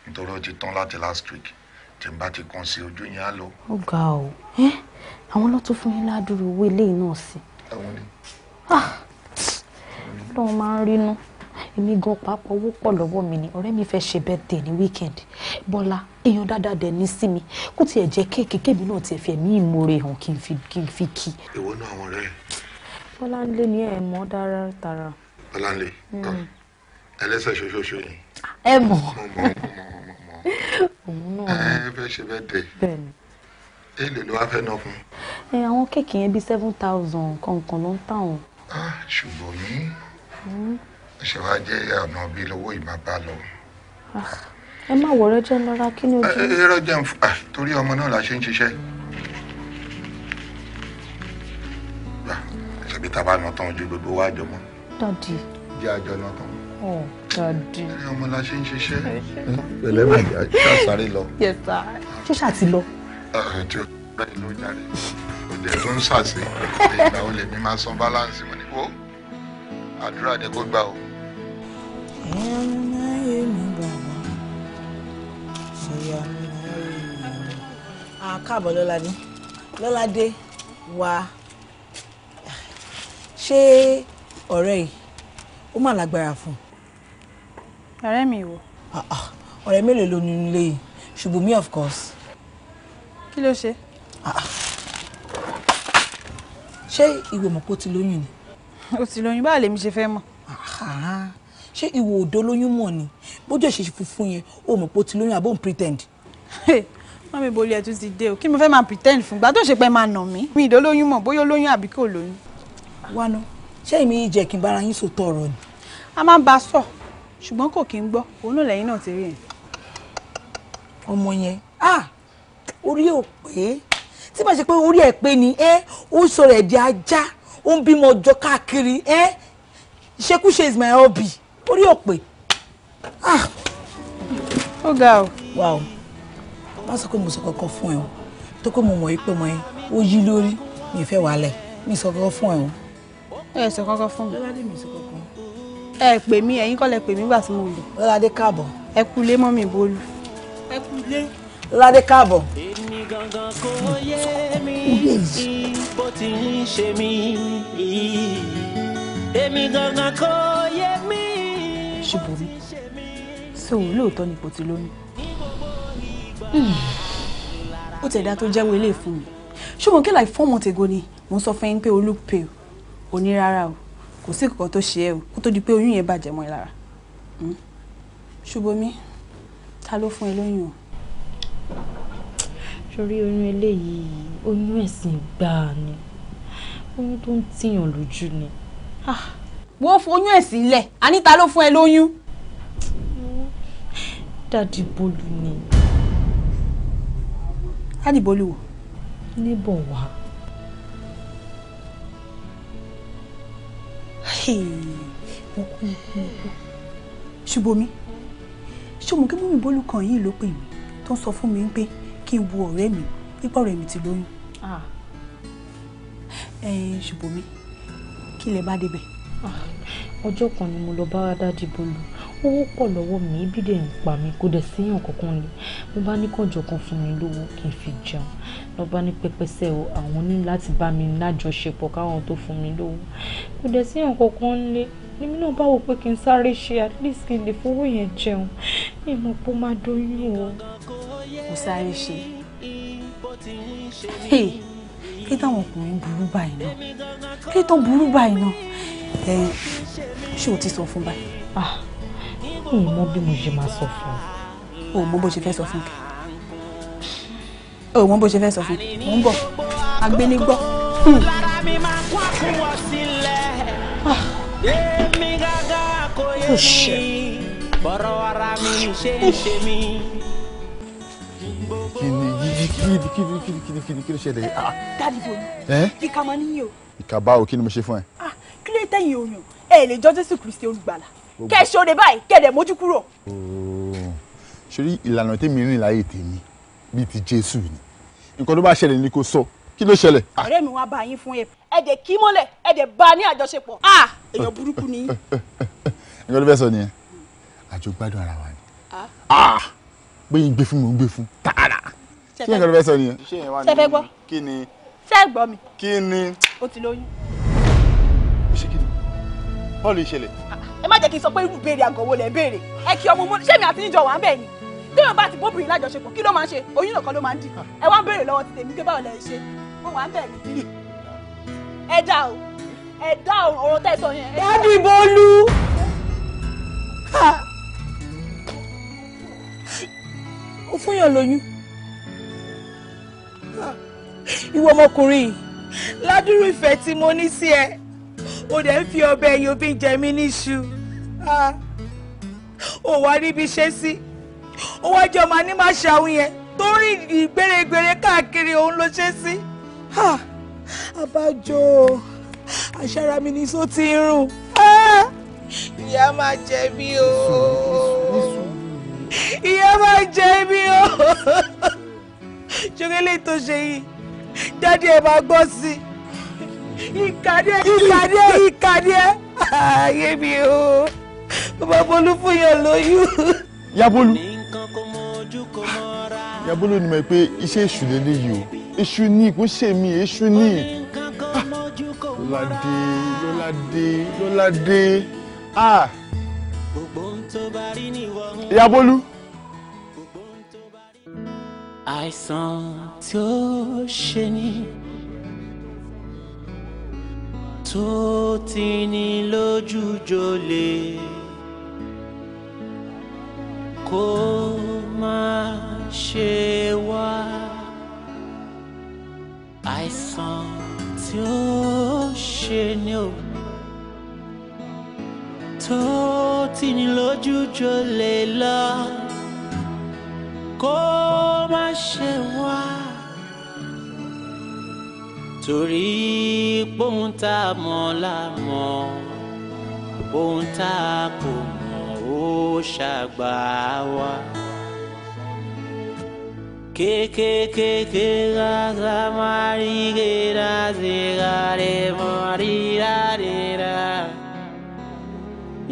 nítorí ó ti tán láti last week tí n bá ti kàn sí ojú yẹn á lọ. ó ga o àwọn ló tún fún yín ládùúrú owó eléyìí náà sí. àwọn ni. Ah! lọ́wọ́ máa ń rínú èmi gan pàápàá owó pọ̀ lọ́wọ́ mi ni ọ̀rẹ́ mi fẹ́ ṣe birthday ní weekend bọ́lá èèyàn dáadáa dẹ̀ ní sí mi kó tiẹ̀ jẹ́ kéèké kéèmí náà tiẹ̀ fẹ́ mí ìmoore hàn kí n fi kí. ìwọ náà àwọn ọ̀rẹ́ ẹ̀. bọ́lá ń lé ní ẹ̀ mọ́ dára tara. bọ́lá ń lé hmm. ẹlẹ́sẹ̀ ṣoṣooṣo yìí ẹ mọ̀ òun náà ẹ fẹ́ ṣe bẹ́ẹ̀ dẹ̀ bẹ́ẹ̀ni èlò ló wá fẹ́ ná fún. ẹ àwọn kéèkì yẹn bíi seven thousand kọ̀ọ̀kan ló ń tà wọ́n. Ah, ṣùgbọ́n yín hmm. ṣe wá jẹ́ ọ̀nà bíi lówó ìmọ̀ bá lọ. Ah, ẹ má wọ̀rọ̀ jẹ́ lọ́ra kí ni ojú. ẹ rọ jẹun ah, torí ọmọ náà la ṣe ń ṣiṣẹ́. ṣèbí tá a bá ná tán ojú gbogbo wa jọmọ. dọ́dí. jẹ́ àjọ ná tán ní ọmọ la ṣe ń ṣiṣẹ́ pẹ̀lẹ́ mà yá ṣàṣàrí lọ. ṣó ṣàti lọ. tí o bá yìí ló jáde òde tó ń ṣàṣe ìgbà wo lèmi máa san balance mo ní kó àdúrà ni kó gbà o. àkàbọ̀ lọ́ládé lọ́ládé wá ṣé ọ̀rẹ́ yìí ó mà lágbára fún un ọ̀rẹ́ mi wò. Ah, ah, ọ̀rẹ́ mélòó ló ní ilé yìí ṣùgbọ́n mi of course. kí ló ṣe. Ah, ṣé ìwọ mọ̀ pé ó ti lóyún ni. ó ti lóyún báwo lèmi ṣe fẹ́ mọ̀. ṣé ìwọ òdo lóyún mọ̀ ni bójú ẹ̀ ṣe funfun yẹn ó mọ̀ pé ó ti lóyún àbó ń pretend wọ́n mi bolí ẹ̀ tún ti dé o kí mo fẹ́ máa pretend fún gbà tó ṣe pé máa nà mí mi ìdó lóyún mọ̀ bóyá lóyún àbí kò lóyún. wánú ṣé èmi yìí jẹ́ kí n bára yín sòtọ́ ọ̀rọ̀ ni. a máa ń ba sọ ṣùgbọ́n kò kí ń gbọ́ òun náà lẹ́yìn náà ti rí yẹn. ọmọ yẹn orí ò pé tí màá ṣe pé orí ẹ̀ pé ni ẹ́ ó ń sọ̀rọ̀ ẹ̀dẹ̀ ajá ó ń bímọ ọjọ́ káàkiri ẹ́ ìṣekúṣe is my hobby orí ò pé. ó ga o. wà o má sọ pé mo sọ kankan fún ẹ o tó pé mo mọ̀ yí pé mo yẹn ó yí lórí mi fẹ́ wàhálẹ̀ mi sọ kankan fún ẹ o. ẹ sọ kankan fún mi ẹ pè mí ẹ̀yin kọ́ pè mí gbà tí mo lò. lọ́ládé káàbọ̀. ẹ kú ilé mọ́mì Bólú. ẹ kú ilé. lọ́ládé èmi gangan kò yé mi bó ti ń ṣe mí èmi gangan kò yé mi. ṣùgbọ́n so lóòótọ́ ni kò hmm. ti lóyún. ó tẹ̀dá tó jẹ́wọ́ ilé fún mi ṣùgbọ́n kí like four months ago ni mo sọ fún yín pé olú pè ò ní rárá o kò sí kankan tó ṣe ẹ́ o kó tó di pé oyún yẹn bàjẹ́ mọ́ ẹ lára hmm? ṣubomi ta ló fún ẹ lóyún o. sórí oyún eléyìí oyún ẹ̀sìn gbáà ni oyún tó ń tìyàn lójú ni. Ah! wọ́n foyún ẹ̀sìn lẹ̀ àní ta ló fún ẹ lóyún. dádì Bólú ni. dádì bolu, wò. níbọ̀ wá. ṣùbọ́mi ṣé mo kí mú mi bólú kan yìí ló pè mí tó ń sọ fún mi pé kí n wo ọ̀rẹ́ mi pípa ọ̀rẹ́ mi ti lóyún. Ah. ṣùbọ́mi kí lè bá débẹ̀. Ah, ọjọ́ kan ni mo lọ bá dádì bólú owó pọ̀ lọ́wọ́ mi ebi dẹ̀ ń pa mi kò dẹ̀ síyàn kankan lé mo bá ní kànjọ kan fún mi lówó kí n fi jẹun lọ bá ní pẹpẹsẹ o àwọn ní láti bá mi lájọṣepọ̀ káwọn tó fún mi lówó kò dẹ̀ síyàn kankan lé èmi náà bá wò pé kí n sáré ṣe at least kí n lè fowó yẹn jẹun mi pé ó máa doyún o. kò sáré ṣe kí táwọn ọkùnrin burú báyìí náà kí tán burú báyìí náà ẹ ṣé o ti sọ fún báyìí. Ah, n mọ bí mo ṣe máa sọ fún un. o mọ bó ṣe fẹ́ sọ fún kẹ o mọ bó ṣe fẹ́ sọ fún mò ń bọ̀ agbéni gbọ́. Hmm. Ah. ó ṣe bọ̀rọ̀ ara mi ṣe ń ṣe mí. kìnì kìnì kìnì kìnì kìnì kìnì kìnì ṣẹlẹ̀ yìí. Ah. dáàdi bò ní ìka máa níyì o. ìka báwo kí ni mo ṣe fún ẹ. Ah, kí ló tẹ̀yìn oyún ẹ lè jọ jésù kristi olùgbàlà kẹ́ ẹ ṣòde báyìí kẹ́ ẹ dẹ̀ mójú kúrò. ṣorí ìlànà tèmi rìn láyè tèmi bíi ti jésù ni nǹkan tó bá ṣẹlẹ̀ ni kò sọ kí ló ṣẹlẹ̀. Ah. ọ̀rẹ́ mi wá bá yín fún ẹ ẹ dẹ̀ kí mọ́lẹ̀ ẹ dẹ̀ bá a ní àjọṣepọ̀ ah èèyàn burúkú ni. nǹkan tó fẹ́ sọ nìyẹn àjọ gbádùn ara wa ni ah. Ah! pé yín gbé fún mi ò ń gbé fún tààrà kí nǹkan tó fẹ́ sọ nìyẹn. ṣe fẹ́ gbọ́ kí ni. ṣe gbọ́ mi. kí ni. o ti lóyún. o kí ni bọ́ọ̀lù ìṣẹ̀lẹ̀ má jẹ́ kí n sọ pé irú béèrè àgọ̀wò lẹ̀ béèrè ẹ kí ọmọ ṣé mi àti níjọ wà ń bẹ̀ ni téèyàn bá ti bóbìnrin lájọṣepọ̀ kí ló máa ń ṣe oyún nìkan ló máa ń dì ẹ wá ń béèrè lọ́wọ́ ti tèmi pé báwo lẹ̀ ṣe mo wà ń bẹ̀ ni. ẹ dá o ẹ dá o ọ̀rọ̀ tẹ́ sọ yẹn. dábì bọ́lú ó fún yàn lóyún ìwọ ọmọkùnrin yìí ládùúrú ìfẹ́ tí mo ní sí ẹ ó dẹ̀ ń fi ọbẹ̀ ẹ̀yìn òbí jẹ mí níṣu ò wá rí ibi ṣe sí ó wá jẹ́ ọmọ ní máa ṣàwọn yẹn tó rìn ìgbèrègbèrè káàkiri òun ló ṣe sí. àbájọ àṣàrà mi ni sọ ti ń rùn ìyá máa jẹ mí o ìyá máa jẹ mí o ṣókè tó ṣe yìí dáadé ẹ máa gbọ́ sí i ìkàdé ìkàdé ìkàdé ayé mi o. Babolu fún yàn lóyún. Yabolu ah, Yabolu ni mo pe iṣẹ́ èṣù lélẹ́yìí o èṣù ni kò ṣe mí èṣù ni lọ́ládé lọ́ládé lọ́ládé ah Yabolu. àìsàn tí ó ṣe ni tó ti ní lójú jolè. Koma má ṣe wá àìsàn tí ó ṣe ni o tó tì ní lójú jò lè lọ kó ṣe wá torí pohun tá a mọ̀ la mọ̀ ohun tá a kò mọ̀ ó ṣàgbà wá. kékékéké rárá máa rí gèrà sí rárá mọ́ rí rárá rà.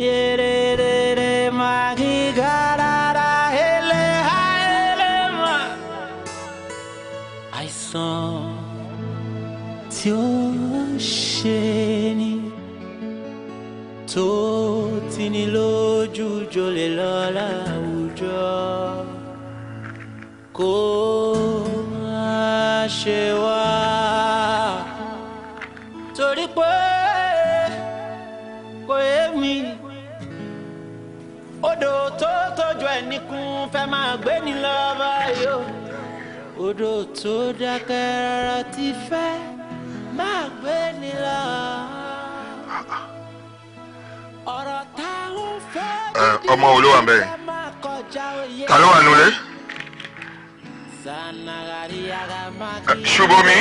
yéréréré máa kí gàràrà ele ha ele ma. àìsàn tí ó ṣe ni tó tini lójú òjò lè lọ láwùjọ kó má ṣe wá torí pé kò yé mi odò tó tójú ẹnìkún fẹ́ máa gbé ni lọ báyìí o ọmọ wo ló wà bẹ́ẹ̀ ta ló wà nulẹ̀ ṣubomi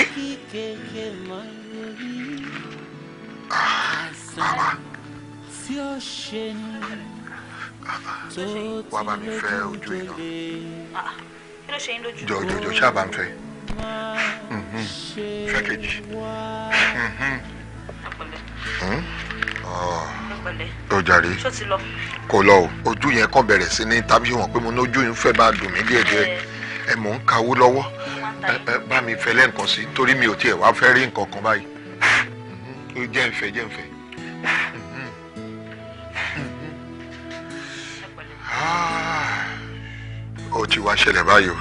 wà bá mi fẹ́ ojú iná jọjọjọ ṣáàbà ń fẹ́ hmm, hmm. fẹ́ kejì. Hmm, ó jàre kò lọ o ojú yẹn kàn bẹ̀rẹ̀ sí ní tàbí wọn pé mo ní ojú yẹn fẹ́ bá dùn mí díẹ̀ díẹ̀ ẹ mò ń kawó lọ́wọ́ bá mi fẹ́ lẹ́ǹkan sí torí mi ò tiẹ̀ wá fẹ́ rí nǹkan kan báyìí jẹ́ ń fẹ́ jẹ́ ń fẹ́. Ah, ó ti wá ṣẹlẹ̀ báyìí o.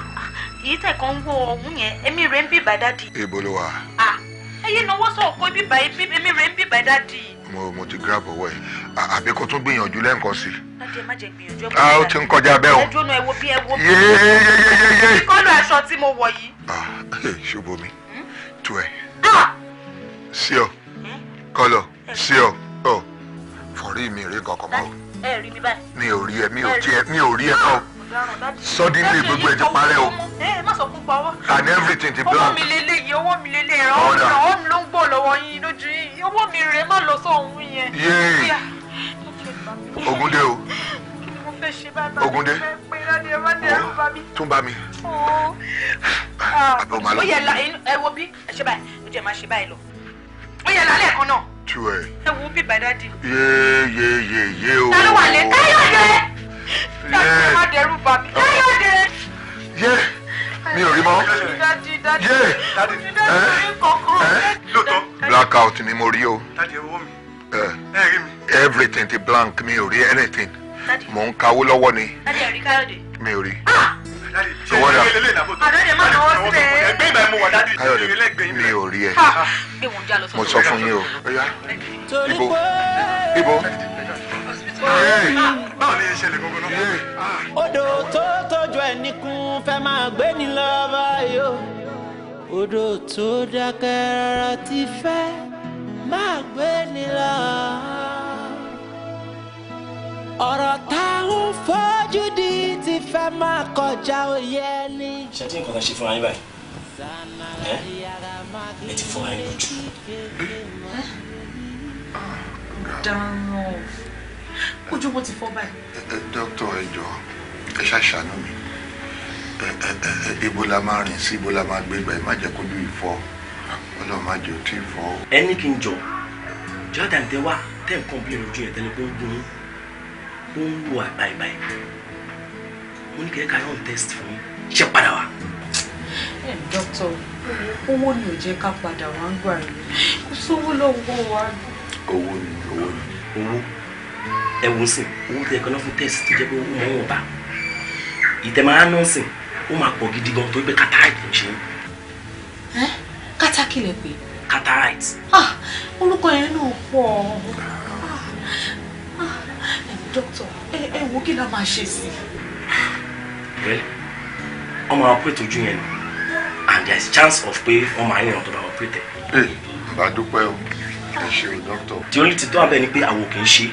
kì í tẹ̀ kan wo ọ̀hún yẹn èmi rẹ̀ ń bì bá dádì. ibo ló wà. Ah, ẹyin náwó sọ̀kò bíbá èmi rẹ̀ ń bì bá dádì mo mo ti grab ọwọ́ ẹ̀ àbí kó tún gbìyànjú lẹ́ǹkan sí. a ó ti ń kọjá bẹ́ẹ̀ o. ẹ dúró ẹ wo bí ẹ wo bí. yeyeyeyeye. kọ́lù aṣọ tí mo wọ̀ yìí. ṣubú mi hmm? tu ẹ. sí ọ hmm? kọlọ sí ọ ọ fọrí mi rí kankan mọ. mi ò rí ẹ mi ò tiẹ̀ mi ò rí ẹ kọ suddenly gbogbo ẹ ti parẹ́ o. ẹ má sọ and everything ti blank. owó mi lélẹ́yìí owó mi lélẹ́yìí ọwọ́ mi yéè Ogunde o Ogunde tún bá mi oh. àbẹ o máa lọ. ó yẹ la ẹ wo bí ẹ ṣe báyìí ó jẹ máa ṣe báyìí lọ ó yẹ lálẹ́ kan náà. tu ẹ. wo bí bàdádì. yéè yéè yéè yéè o. ta ló wà lẹ Káyọ̀dé. yéè má dẹrù bà mí Káyọ̀dé. yéè mi ò rí mọ́. yéè ẹ ẹ lóòótọ́ blackout ni mo rí o. dájú ẹ wọ́n mi ẹ rí mi. everything ti blank mi ò rí anything mò ń kawó lọ́wọ́ ni. dádì ẹ̀rí káyọ̀dé. mi ò rí. sọwọ́ dà. àdàdì má náwó síbẹ̀. ẹgbẹ́ ìbá ẹ̀ mú wà dádì. káyọ̀dé mi ò rí ẹ. Ah! mo sọ fún yín o. ibo ibo ah, báwo ni ìṣẹ̀lẹ̀ gbogbo náà. Ah. odò tó tọ́jú ẹnìkún fẹ́ máa gbé ní lọ́wọ́ yìí o odò tó dákẹ́ rárá ti fẹ́ má gbé nira ọ̀rọ̀ táwọn fojú di ti fẹ́ máa kọjá òye ẹni. ṣé tí nǹkan kan ṣe fún ayé báyìí ẹ ẹ ti fún ayé lójú. dáná ojú bó ti fọ́ báyìí. dókítà ẹ ẹ ṣàṣàánú mi ibo la máa rìn sí ibo la máa gbégbá ẹ má jẹ́ kójú ìfọ́ ọlọ́run má jẹ́ òtún ìfọ́. ẹni kí n jọ jordan tẹ wá tẹ n kọ́ńpìlẹ̀ lójú ẹ̀ tẹ́lẹ̀ kó ń gun ó ń wù àgbàìgbàì mo ní kẹ́kẹ́ ayọ̀ ń test fún ṣe padà wá. ẹ dókítà owó ni ò jẹ́ ká padà wá ń gbà yìí kò sówó lọ́wọ́ wa. owó ni owó ni owó ẹ wò sìn owó tẹ ẹ̀kọ́ náà fún test tó jẹ́ pé owó mọ̀ wọ́n bá ìtẹ̀mọ̀ á nọ́ọ̀sìn ó máa pọ̀ gidi gan tó gbé kátà ìtàn ẹ́ kátá kílẹ̀ pé. cataract. ah orúkọ yẹn náà pọ̀ ah, ah, dókítà ẹ ẹ wo kí la máa ṣe sí. well ọmọ operate ojú yẹn and there is chance of pé ọmọ ayé ọ̀tọ̀ bá operate. ẹ ìbádúpẹ́ o ẹ ṣeun dókítà. the only thing tó wà bẹ́ẹ̀ ni pé àwọn kì í ṣe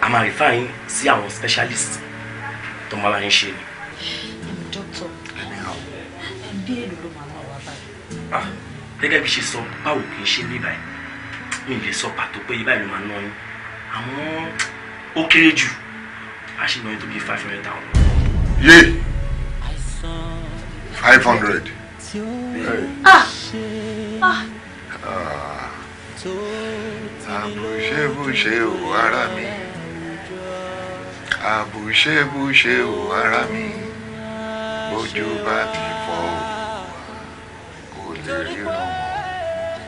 a máa refine sí àwọn specialist tó máa bá yín ṣe ni. dókítà bí èlò ló máa Ah, gẹ́gẹ́ bí ṣe sọ báwo kì í ṣe ní báyìí mi lè sọ pàtó pé ibà ìlú máa ná yín àmọ́ ó kéré jù a ṣì ná yín tó bí five hundred thousand. yé five hundred. ah ah. ò ara mi àbùṣebùṣe ò ara mi bójú bá mi nítorí náà.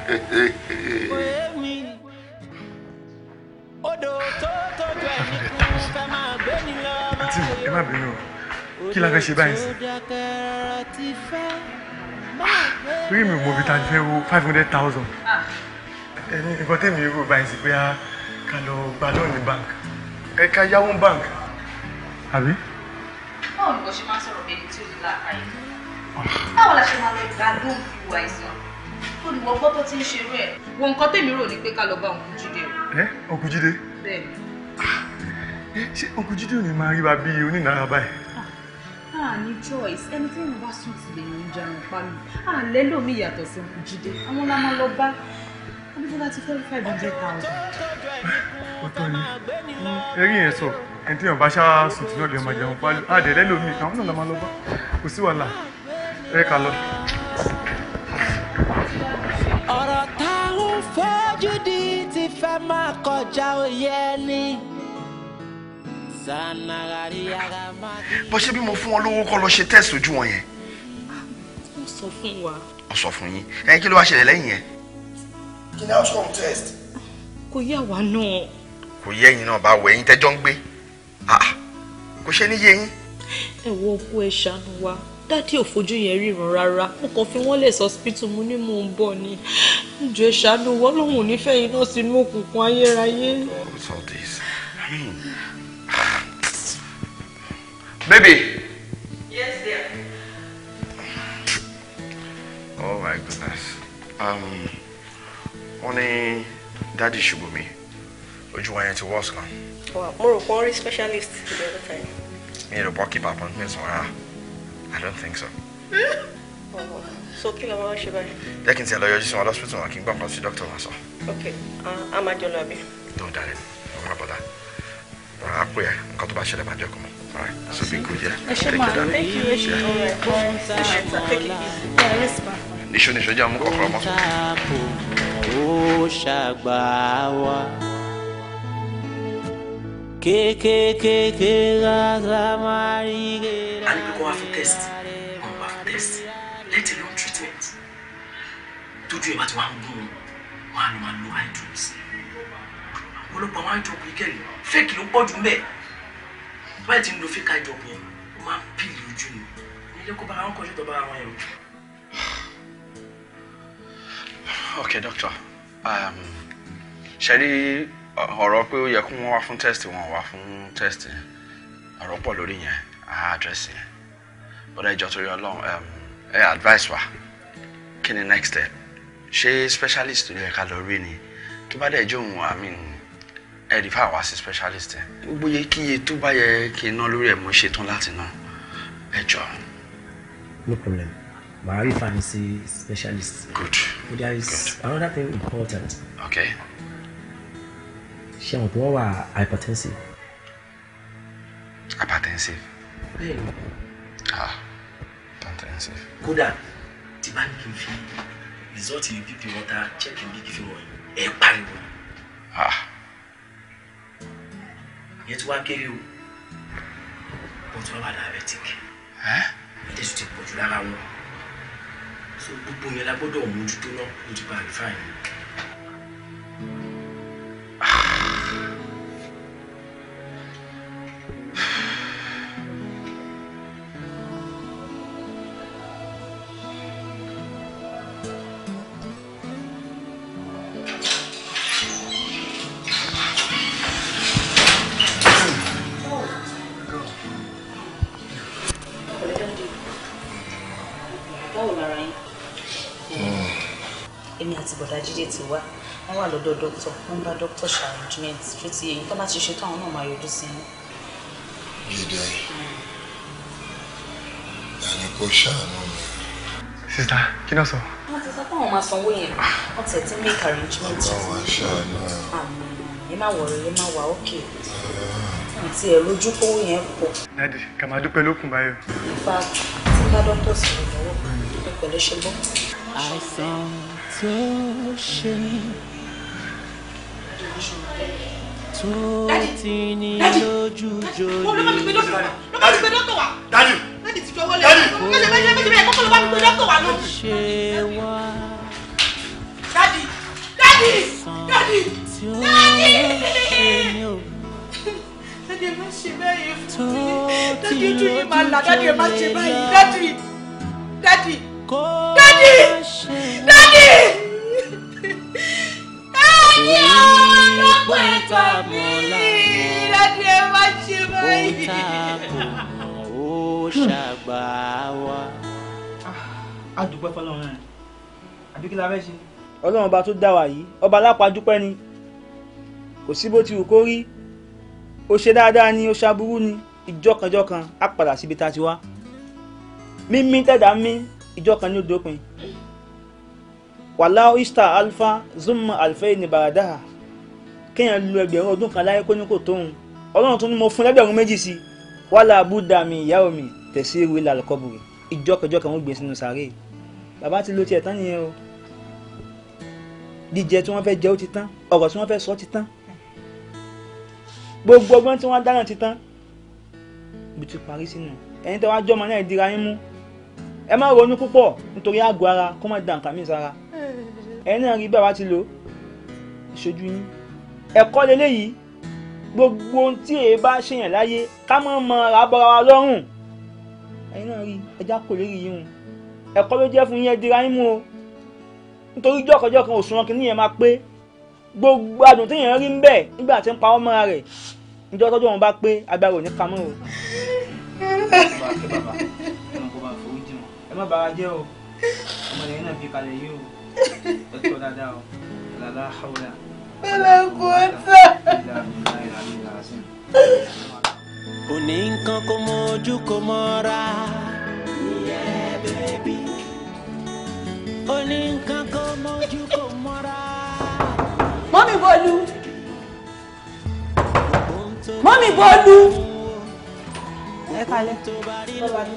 odò tó tọ́jú ẹni kún fẹ́ kí la fẹ́ ṣe báyìí sí. torí mi ò mọ ibi fẹ́ wo five hundred thousand. Ah. ẹni nǹkan tẹ̀mí yóò báyìí sí pé a kà lọ gba lóòní bank ẹ ká yáwó bank. àbí. báwo ni bó ṣe máa ń sọ̀rọ̀ bẹ́ẹ̀ tí ó ní láàárín báwo la ṣe máa lọ gbàdúrà fi wà ìsàn olùwọ gbọ́ tó ti ń ṣerú ẹ̀ wọn nǹkan tèmi rò ní pé ká lọ bá òǹkú jíde o. ẹ òǹkú jíde. bẹ́ẹ̀ni. Ah, eh, ṣé òǹkú jíde ò ní máa rí wa bí onínàárà báyìí. Ah, a ní choice ẹni tí wọn bá sùn ti lè yan jarun palu a lè lómi yàtọ̀ sí òǹkú jíde àwọn la máa lọ bá abíbọ́lá ti fẹ́ẹ́ five hundred thousand. ọ̀tọ̀ ni eré yẹn sọ ẹni tí wọn bá ṣáà sùn ti lọ́ọ̀dẹ̀ máa jarun palu a dẹ̀ lẹ́lòmíì àwọn náà la máa lọ bá kò sí wàhálà ẹ kà lọ. ọ̀rọ̀ táwọn fojú di ti fẹ́ máa kọjá òye ẹni. bó ṣe bí mo fún wọn lówó kọ́ lọ ṣe test ojú wọn yẹn. ó sọ fún wa. ó sọ fún yín ẹ kí ló wá ṣẹlẹ̀ lẹ́yìn yẹn. kí ni outcome test. kò yẹ wá náà. kò yẹ ẹ̀yin náà bá wọ ẹ̀yin tẹjọ ń gbé ah, kò ṣe ní yé yín. ẹ wo okú ẹ ṣàánú wa dádì ò fojú yẹn ríran rárá mo kàn fi wọ́n lẹ̀ sọ́sìpítù mu ní mò ń bọ̀ ni ìjọ ìṣàánú wọ́n lòun ò nífẹ̀ẹ́ iná sínú òkùnkùn ayérayé. What's all this? Baby. Yes, dear. Oh my goodness. Um, wọ́n ní dádì ṣubú mi ojú wa yẹn ti wọ́ọ̀sì kan. mo rò pé wọ́n rí specialist the other time. mi ò rò pọ́ kí bàbá ń pèsè wọn rárá. I don't think so. so kí ló máa ń ṣe báyìí. jẹ́ kí n tiẹ̀ lọ yọjú sí wọn lọ́sítọ̀ wọn kí n gbọ́ nǹkan sí dókítà wọn sọ. ok a máa jọ lọ bí. don't darling ọmọ náà bọ̀dá a pè é nǹkan tó bá ṣẹlẹ̀ máa jẹ́ kọ́ mọ́ so be good yeah. ẹ ṣe máa thank you ẹ ṣe níṣó jẹ́ àmú kọ̀ọ̀kan mọ́. ó ṣàgbà rárá máa rí rèé ní pé kó wá test wọn wá fún test let alone treatment tójú ẹ̀ bá ti wá ń gbóhùn wọn eye drops wọn wọn eye drop yìí fake ló pọ̀ jù ń báyìí ti ń lo fake eye drop yẹn máa ń pìlì ojú ni ilé kó bá wọn kọjú tó bá wọn yẹn o. okay doctor um, ṣe rí ọ̀rọ̀ pé ó yẹ kí wọ́n wá fún test wọn wá fún test ọ̀rọ̀ pọ̀ lórí yẹn á yẹn ọ̀dà ìjọ torí ọlọ́run um, ẹ advice wa kí ni next step ṣé specialist ló yẹ ká lọ rí ni tó bá dẹ̀ jẹ́ òun àmì ẹ rí fáwọn àṣì specialist ẹ gbogbo yẹ kí iye tó bá yẹ kí n ná lórí ẹ mo ṣe tán láti ná ẹ jọ. no problem màá rí fancy specialist. good but there is good. another thing important. okay. ṣé àwọn tó wọ́n wà hypertensive. hypertensive. bẹ́ẹ̀ni. ah comprehensive. kódà tí bá ní in n fi rìsọ́ọ̀tì bp wọn ta chẹ́ẹ̀kì bp fi wọ̀nyí ẹ̀ pariwo. one tí wàá kéré o bó tí wọ́n bá diabetic is ti pọ̀jù lára wọn so gbogbo yẹn la gbọ́dọ̀ mójútó náà ló ti bá refine. Ah. báwo lára yín. Hmm. èmi àti bọ̀dá jíde ti wá wọ́n wà lọ́dọ̀ dókítà wọ́n bá dókítà ṣe arrangement tó ti èyí tó bá ti ṣe táwọn náà máa yọjú sí yín. jíde hmm. ẹni kò ṣàánú mi. sista kí ló sọ. wọ́n ti sọ pé àwọn máa sanwó yẹn ah. wọ́n tẹ̀ tí make arrangement. àwọn ṣàánú ẹ. àmì ẹ má wọ̀rọ̀ ẹ má wà ókè àti ẹ̀ lójú kówó yẹn pọ̀. dadi kàmá dúpẹ́ lókun báyọ̀. nípa tí bá dókítà pẹ̀lú ṣùgbọ́n. àìsàn tó ṣe mí tó ti ní lójú jòlè. mo ló bá mi gbé dókítà wá ló bá mi gbé dókítà wá. dájú láti ti fọwọ́ lẹ̀ ọ́ méjì méjì méjì bẹ́ẹ̀ kọ́kọ́ ló bá mi gbé dókítà wá lọ. ṣé wá. dádì dádì dádì dádì dádì má ṣe báyìí fún mi dádì ojú yìí máa là dádì má ṣe báyìí dádì dádì dádì dádì dádì ọlọ́pàá ẹ̀tọ́ mi dádì ẹ má ṣe báyìí. ó ṣàgbà wá. a dúpẹ́ fọlọ́run náà àbí kí la fẹ́ ṣe. ọlọ́run ọba tó dá wa yìí ọba alápàdúpẹ́ ni kò sí bó ti wù kó rí ó ṣe dáadáa ni ó ṣaburú ni ìjọkànjọkàn á padà síbi tá a ti wá mímí tẹ̀dá mí ìjọ kan ní odòpin wàláwó ista alfa zuma alfẹ́ ní baradaha kéèyàn lu ẹgbẹ̀rún ọdún kan láyé kó ní kò tóun ọlọ́run tó ní mo fún lẹ́gbẹ̀rún méjì sí wàhálà abúdá mi ìyá omi tẹ̀sí ìwé làlùkọ́bùrì ìjọkẹjọ kan wọ́n gbé sínú sàárè bàbá ti lo tiẹ̀ tán nìyẹn o jíjẹ tí wọ́n fẹ́ jẹ ó ti tán ọ̀rọ̀ tí wọ́n fẹ́ sọ ti tán gbogbo ọgbọ́n tí wọ́n dáná ti tán bí ti parí sínú ẹ̀yin tó wá jọ́mọ náà dira yín mú ẹ má ronú púpọ̀ nítorí àgọ́ ara kó má dànkà mí sára hmm. ẹ̀yin náà rí bí àwa ti lò ìṣojú yín ẹ̀kọ́ leléyìí gbogbo ohun tí èyí bá ṣèyàn láyé ká má mọ ara bọ́ra wa lọ́rùn ẹ̀yin náà rí ẹja kò lérí yín o ẹ̀kọ́ ló jẹ́ fún yín ẹ dira yín mú o nítorí jọ́kọ̀jọ́kan òṣùwọ̀n kìíní yẹn máa pé gbogbo àdùn téèyàn rí ń bẹ̀ nígbà tí ń pa ọmọ rẹ̀ ìjọ tọ́jú wọn bá pé agbára ò ní kamọ́ o. má bàa jẹ́ o ọmọ lẹ́yìn náà fi kalẹ̀ yìí o ó tọ́ dáadáa o làlá hàwùlà. bẹ́ẹ̀ kò tẹ̀. òní nǹkan kò mọ ojú kò yeah baby. òní nǹkan kò mọ ojú kò mọ́ra. mọ́mí bọ́lú. mọ́mí bọ́lú. ẹ kalẹ̀ bọ́lá ni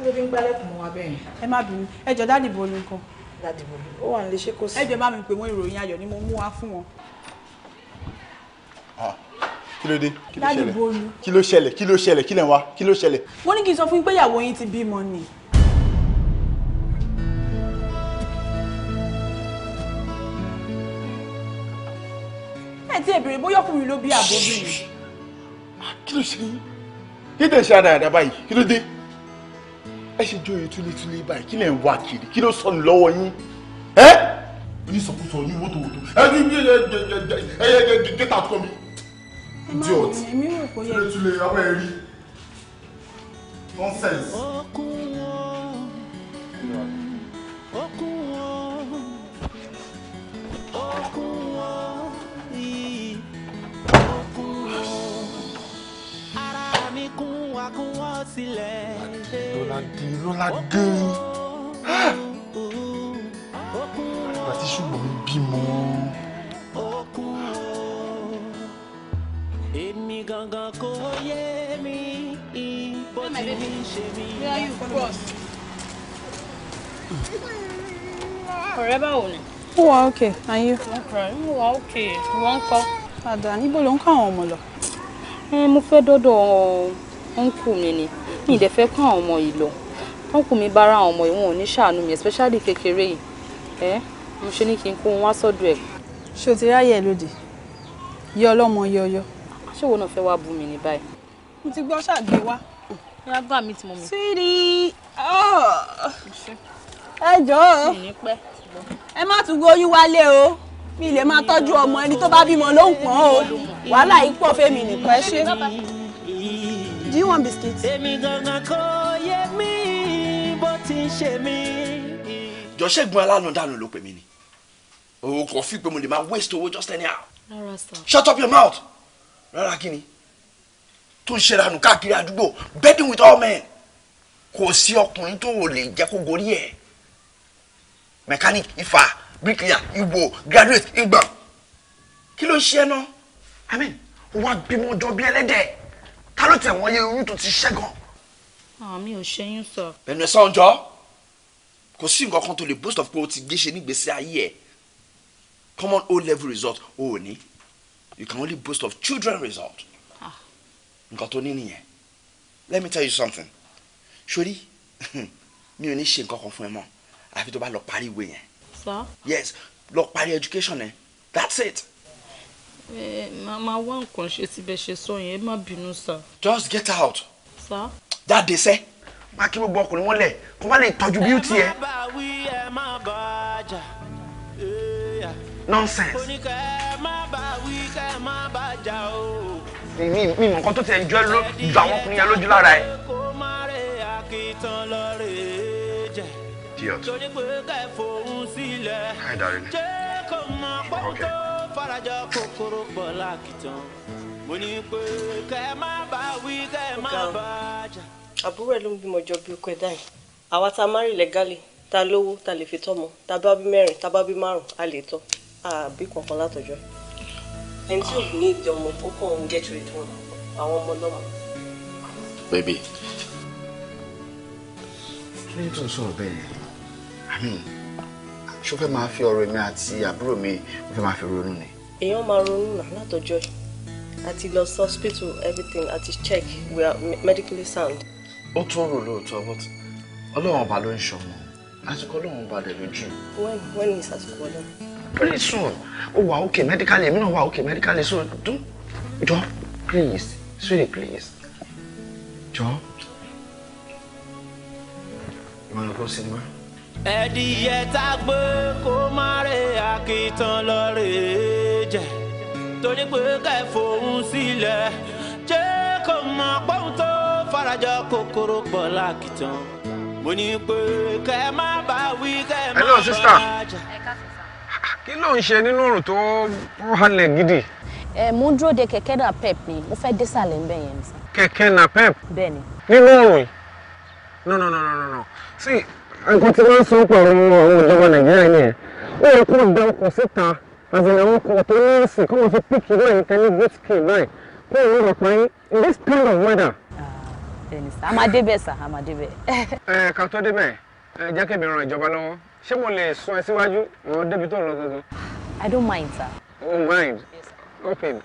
kí ló fi ń gbálẹ̀kùn mọ́ wa bẹ́ẹ̀ yẹn. ẹ má bínú ẹ jọ dáàdì nǹkan. dáàdì bolu ó wà nílé ṣé kò sí. ẹ bá mi pè wọ́n ìròyìn ayọ̀ ni mo mú wá fún wọn. Ah, kí ló dé kí ló ṣẹlẹ̀ kí ló ṣẹlẹ̀ kí ló wá kí ló ṣẹlẹ̀. wọ́n ní kí n sọ fún yín pé ìyàwó yín ti bímọ ni. tí èbèrè bóyá ọkùnrin ló bí àbóbìnrin. kí ló ṣe yín kí tẹ̀ àdáyàdá báyìí kí ló dé ẹ ṣe jóye túlétúlé báyìí kí lẹ̀ ń wá kiri kí ló sọnù lọ́wọ́ yín ẹ́ oníṣàkóso ní wótòwótò ẹ ní bí ẹ ẹ ẹ gẹ́tà tó mi. idiot túlétúlé abẹ́ rí nonsense. Okun wọn, okun wọn, okun akúnwọ́ sílẹ̀. lọ́ládé lọ́ládé àgbà tí ṣùgbọ́n ń bímọ. èmi gangan kò yé mi bó ti ní ṣe mí. ọ̀rẹ́ báwo ni. ó wà ókè ayé. ó wà ókè wọ́n ń kọ́. padà níbo ló ń kọ́ àwọn ọmọ lọ. mo fẹ́ dọ́dọ̀ ọ̀hún. Uncle, mi ni mi dẹ̀ fẹ́ kán àwọn ọmọ yìí lọ ọ̀nkù mi bá ra àwọn ọmọ yìí wọn ò ní ṣàánú mi especially kékeré yìí ẹ mo ṣe ní kí n kó wọn wá sọ́dọ̀ ẹ̀. ṣé o ti ráyè lòdì yọ ọlọ́mọ yọyọ. ṣé wo náà fẹ́ wá bú mi ní báyìí. mo ti gbọ́ ṣàgbé wá. ẹ gbà mí tí mo mi. sídi oh. ẹ jọ̀ọ́ ẹ má tún gbóyún wálé o mi lè máa tọ́jú ọmọ ẹni tó bá bímọ ló ń pọ́n o wàhálà yìí pọ̀ fẹ́mi nìkan ẹ ṣe. Do you want biscuits? Èmi gangan kò yé mi bó ti ń ṣe mí. Jọ dànù ló pè mí ni. O kò fi pé mo lè máa waste owó just anyhow. Shut up your mouth. Rárá kí ni? Tó ń ṣèrànù káàkiri àdúgbò bedding with all men. Kò sí ọkùnrin tó ò lè jẹ́ kó gorí ẹ̀. Mechanic ifá bricklayer ibo graduate igbọ̀n. Kí ló ń ṣe ẹ náà? I wàá bímọ dọ̀ bí ẹlẹ́dẹ̀ẹ́ ta ló tẹ̀ wọ́n yé oyún tó ti ṣẹ́gun. àmì ah, ò ṣẹyún sọ. ẹnu ẹ sọ ọjọ́ kò sí nǹkan kan tó lè boast of pé o ti gbéṣe nígbèsè ayé ẹ common o level result o ò ní you can only boast of children result ah. nǹkan tó ní nìyẹn let me tell you something sori mi ò ní ṣe nǹkan kan fún ẹ mọ́ àfi tó bá lọ parí ìwé yẹn. sọ. yes lọ parí education ẹ that's it màmá wá nǹkan ṣe síbẹ̀ ṣe sọ yẹn ẹ má just get out. sir. That they say. kí gbogbo ọkùnrin wọn lẹ̀ kó má lè tọ́jú bíútì ẹ. ẹ má bá wí ẹ má nonsense. oníkẹ́ ẹ má bá wí kẹ́ ẹ má bá o. mi mi mọ nǹkan tó ti ẹ jọ ju àwọn ọkùnrin yẹn lójú lára ẹ. kó má rè àkìtàn lọ rè é jẹ. idiot. torí pé kẹ́ ẹ fòun sílẹ̀. hi darling. jẹ́ kó mọ pọ́ńtò farajọ kòkòrò pọ̀ lákìtàn mo ní pé kẹ́ ẹ má bá wí kẹ́ ẹ má bá jà. àbúrò ẹ ló ń bímọ jọ bí ọkọ ẹ dáhìn àwa tá a má rìn lẹ́gálì tá lówó tá lè fi tọ́mọ tá bá bí mẹ́rin tá bá bí márùn a lè tọ́ àbí kankan látọjọ́ ẹni tí ò ní ìdí ọmọ ó kàn ń get wọn àwọn ọmọ náà. baby kí ni tó ń sọ̀rọ̀ bẹ́ẹ̀ yẹn i ṣó fẹ́ máa fi ọ̀rọ̀ mi àti àbúrò mi ó fẹ́ máa fi ronú ni. èèyàn máa ronú nà látọjọ́ yìí àti lọ sí hospital everything àti check we are medically sound. ó tún rò lóòótọ́ but ọlọ́run ọba ló ń ṣọmọ àsìkò ọlọ́run ọba dẹ̀ lójú. when when is àsìkò ọlọ́run. very soon ó wà okay medically èmi náà wà okay medically so do jọ please sweetie please jọ. You wanna go cinema? ediyeta tá gbé kó má rè àkìtàn lọ rè é jẹ torí pé kẹfọ òun sílẹ̀ jẹ kó mọ pọ́n tó farajọ kòkòrò pọ̀ lákìtàn mo ní pé kẹ má bá wí kẹ má bá jà. kí ló ń ṣe nínú òrùn tó halẹ̀ gidi. ẹ mo dúró de kẹ̀kẹ́ náà pep ni mo fẹ́ désàlẹ̀ ń bẹ̀ yẹn. Kẹkẹ náà pep. bẹ́ẹ̀ni. nínú òrùn yìí no no no no no no see nǹkan tí wọ́n ń sọ pẹ̀lú àwọn ìjọba nàìjíríà ni ẹ̀ ó yẹ kó da ọkọ̀ síta àti àwọn ọkọ̀ tó ní ìsìn kó wọ́n fi píkì náà nǹkan ní great king báyìí kó wọ́n rọ̀ pé in this kind of weather. Ah, ẹnì sá a máa débẹ̀ sá a máa débẹ̀. ẹ ká tó débẹ̀ ẹ jẹ́ kí èmi ran ìjọba lọ́wọ́ ṣé mo lè sún ẹ síwájú àwọn débi tó ń lọ gangan. I don't mind sir. O mind yes, sir. open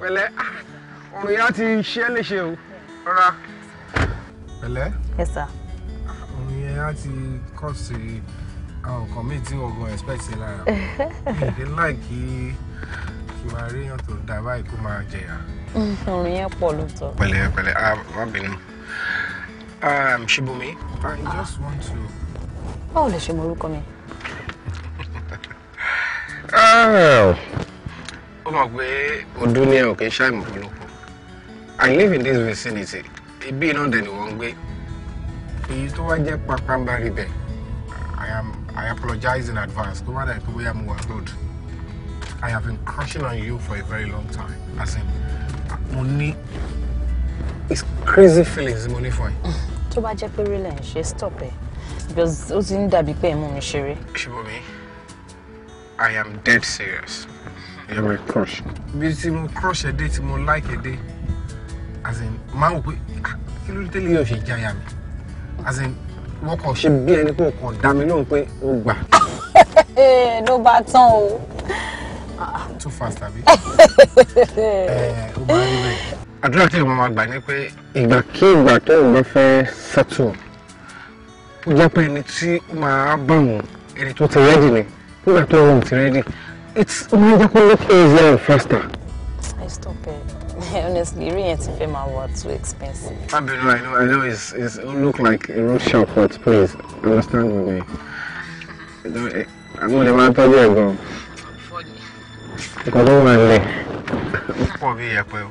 pẹ̀lẹ́ orin ah, yá ti ṣe é léṣe o rọra pẹ̀lẹ́. yes sir yẹn á ti kọ́ sí àwọn nǹkan míì tí wọ́n gan expect sí lára mi ìdí láì kí kí máa ríyàn tó dá báyìí kó máa jẹyà. ọ̀rùn yẹn pọ̀ lóòótọ́. pẹ̀lẹ́ pẹ̀lẹ́ a ah, má bínú ah, ṣubúmi I just want to. báwo lè ṣe mọ orúkọ mi. Ah, ó mọ̀ pé odú ní ẹ̀ ò kí ń ṣàìmọ̀ fọlọ́pọ̀ I live in this vicinity ibi náà dẹ̀ ni wọ́n ń gbé èyí tó wá jẹ́ pàpàǹbarì bẹ̀ i am i apologize in advance kó má dà pé bóyá mo wà road i have been crushing on you for a very long time as in mo ní it's crazy feelings mo ní fún ẹ. tó bá jẹ́ pé rí lẹ́yìn ṣe stop ẹ̀ because ó ti ń dàbí pé ẹ̀ mú mi ṣeré. ṣùgbọ́n i am dead serious. You're my crush. Bí tí mo crush ẹ̀dẹ́ tí mo like ẹ̀dẹ́ as in máa wò pé ah, kí ló dé lè yọ̀ ṣe jáyà mi as in wọ́n kàn ṣe bí ẹni pé kàn dá mi lóhùn pé ó gbà. ló bá tán o. too fast àbí. ó bá eh, rí bẹ́ẹ̀. àdúrà tí ìwọ́n máa gbà ni pé ìgbà kí ìgbà tó ìgbà fẹ́ settle ó jẹ́ pé ẹni tí ó máa bá wọn ẹni tó ti rẹ́dì ni nígbà tó wọn ti rẹ́dì it's ó máa ń jẹ́ kó lókè easier and faster. I stop it. Honestly, Rinye's Fema were too expensive. I mean, I know, I know it's, it's, it look like a road shop, but please, understand me. I'm going to tell you again. Funny. Because I'm going Poor me, Apple.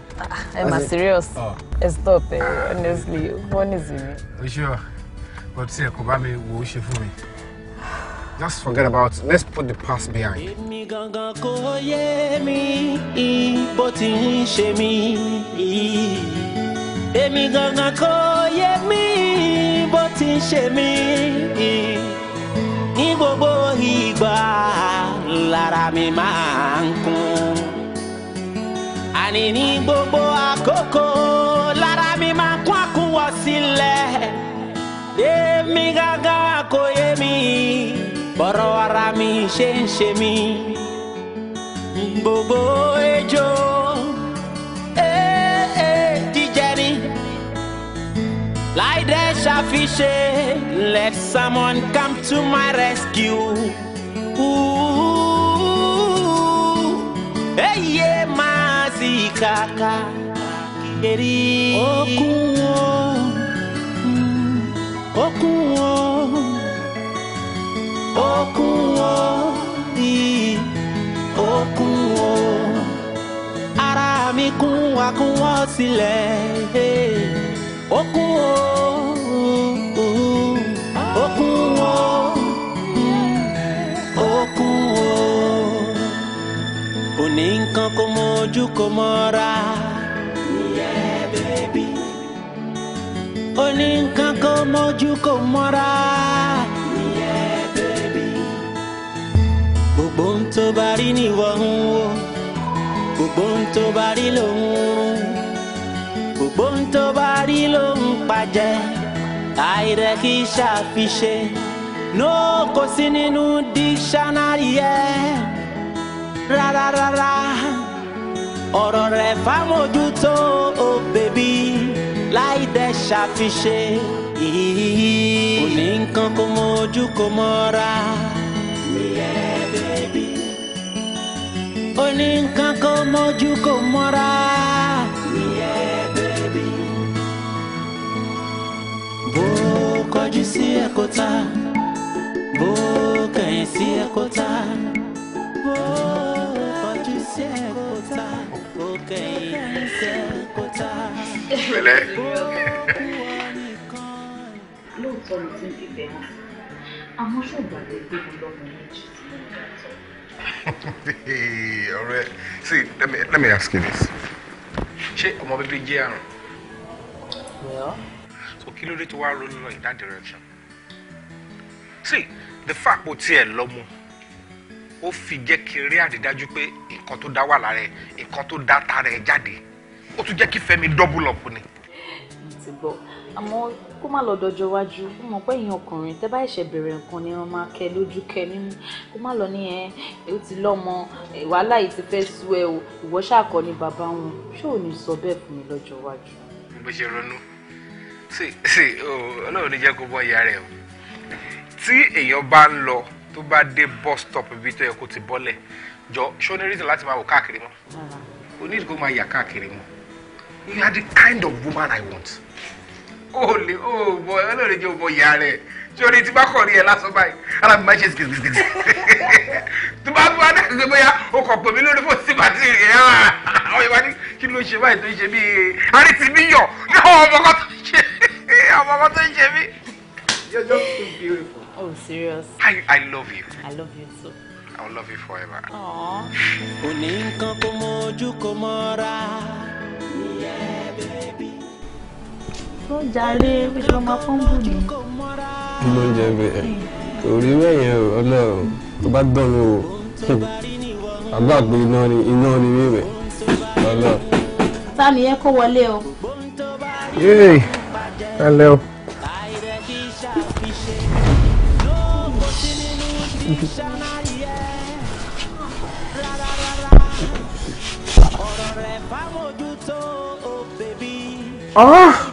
Am I serious? Oh. Eh, stop it, eh, honestly. One is me. You sure? But see, Kobami will shoot for me. Let's forget about let's put the past behind. Ní gbogbo ìgbà lára mi máa ń kún. Àní ní gbogbo àkókò lára mi máa kún àkúnwọ̀ sílẹ̀. Èmi gangan kò mi bọ̀rọ̀ ara mi ṣe ń ṣe mí gbogbo ejò ee jíjẹ ni láìdẹ ṣàfiṣe let someone come to my rescue. Eye máa sì kàkà kiri. Okun wo, okun wo okun o ni okun o ara mi kún wa kún wọ́n o okun o okun o òní nǹkan kò mọ ojú mọ́ra. Yeah, baby. Oní nǹkan kò mọ ojú mọ́ra. gbogbo ń tó bá rí níwọ̀ ń wò gbogbo ń tó bá rí ló ń rún gbogbo ń tó bá rí ló ń pàjẹ àìrẹ kì í ṣàfiṣe nó kò sí nínú dísánárì yẹ rárárárá ọ̀rọ̀ rẹ̀ fámójútó o oh bèbí láì dẹ̀ ṣàfiṣe kò ní nǹkan kó mọ ojú kó mọ́ra. oní nǹkan kò mọ́jú kò mọ́ra. bó kọjú sí ẹ̀kọ́ta bó kẹ̀yìn sí ẹ̀kọ́ta bó kọjú sí ẹ̀kọ́ta bó kẹ̀yìn sí ẹ̀kọ́ta. pẹ̀lẹ́. lóòótọ́ ló ti ń bíbẹ̀ hàn àmọ́ ṣùgbọ́n àgbẹ̀ gbé mi lọ́mọ méjì sí ìgbà tó. Alright. see let me let me ask you this ṣé ọmọ bíbí jẹ́ àrùn. so kí ló dé tó wá ronú lọ in that direction see the fact pò tiẹ̀ lọ́mọ ó fi jẹ́ kí n rí àrídájú pé nǹkan tó dá wà lára ẹ̀ nǹkan tó dá tara ẹ̀ jáde ó tún jẹ́ kí fẹ́mi double up ni. mo ti gbọ́ àmọ́ kó má lọ dọjọ́ wájú ó mọ̀ pé ìyẹn ọkùnrin tẹ́ bá ẹ̀ṣẹ̀ bẹ̀rẹ̀ nǹkan ni wọ́n máa kẹ lójú kẹ nínú kó má lọ ní ẹ ó ti lọ́mọ wàhálà yìí ti fẹ́ sú ẹ o ìwọ ṣàkọ ni bàbá wọn ṣé ò ní sọ bẹ́ẹ̀ fún mi lọ́jọ́ wájú. bó ṣe ronú sí sí ọlọ́run ní jẹ́ kó bọ́ ìyá rẹ̀ o tí èèyàn bá ń lọ tó bá dé bus stop ibi tó yẹ kó ti bọ́lẹ̀ jọ ṣó ní reason láti máa wò káàkiri mọ́ o need kó máa yà káàkiri mọ́ you are the kind of woman I want o lè o bọ ẹ lóore jẹ o bọ ìyá rẹ sori tí bá kọ rí ẹ lásán báyìí ara mi máa ṣe gidigidi tó bá tó bá dà sí bóyá o kò pè mí lórí fún sípàtì rẹ hàn ah, àwọn ìwà ni kí ló ṣe báyìí tó ń ṣe bí arí ti mí yọ ní àwọn ọmọ kan tó ń ṣe ọmọ kan tó ń ṣe mí. You're just so beautiful. Oh, serious. I, I love you. I love you too. I will love you forever. Aww. oh, nǹkan kò mọ ojú kò mọ́ra. Yeah, baby tó jàre bí ṣe máa fọ́nbù ni. kí ló ń jẹ bẹ́ẹ̀ kò rí ọlọ́run tó bá dán mi wò àgbà iná ni iná ni mí bẹ̀ ọlọ́run. ta ni kó wọlé o. yéè ẹ o. Ah!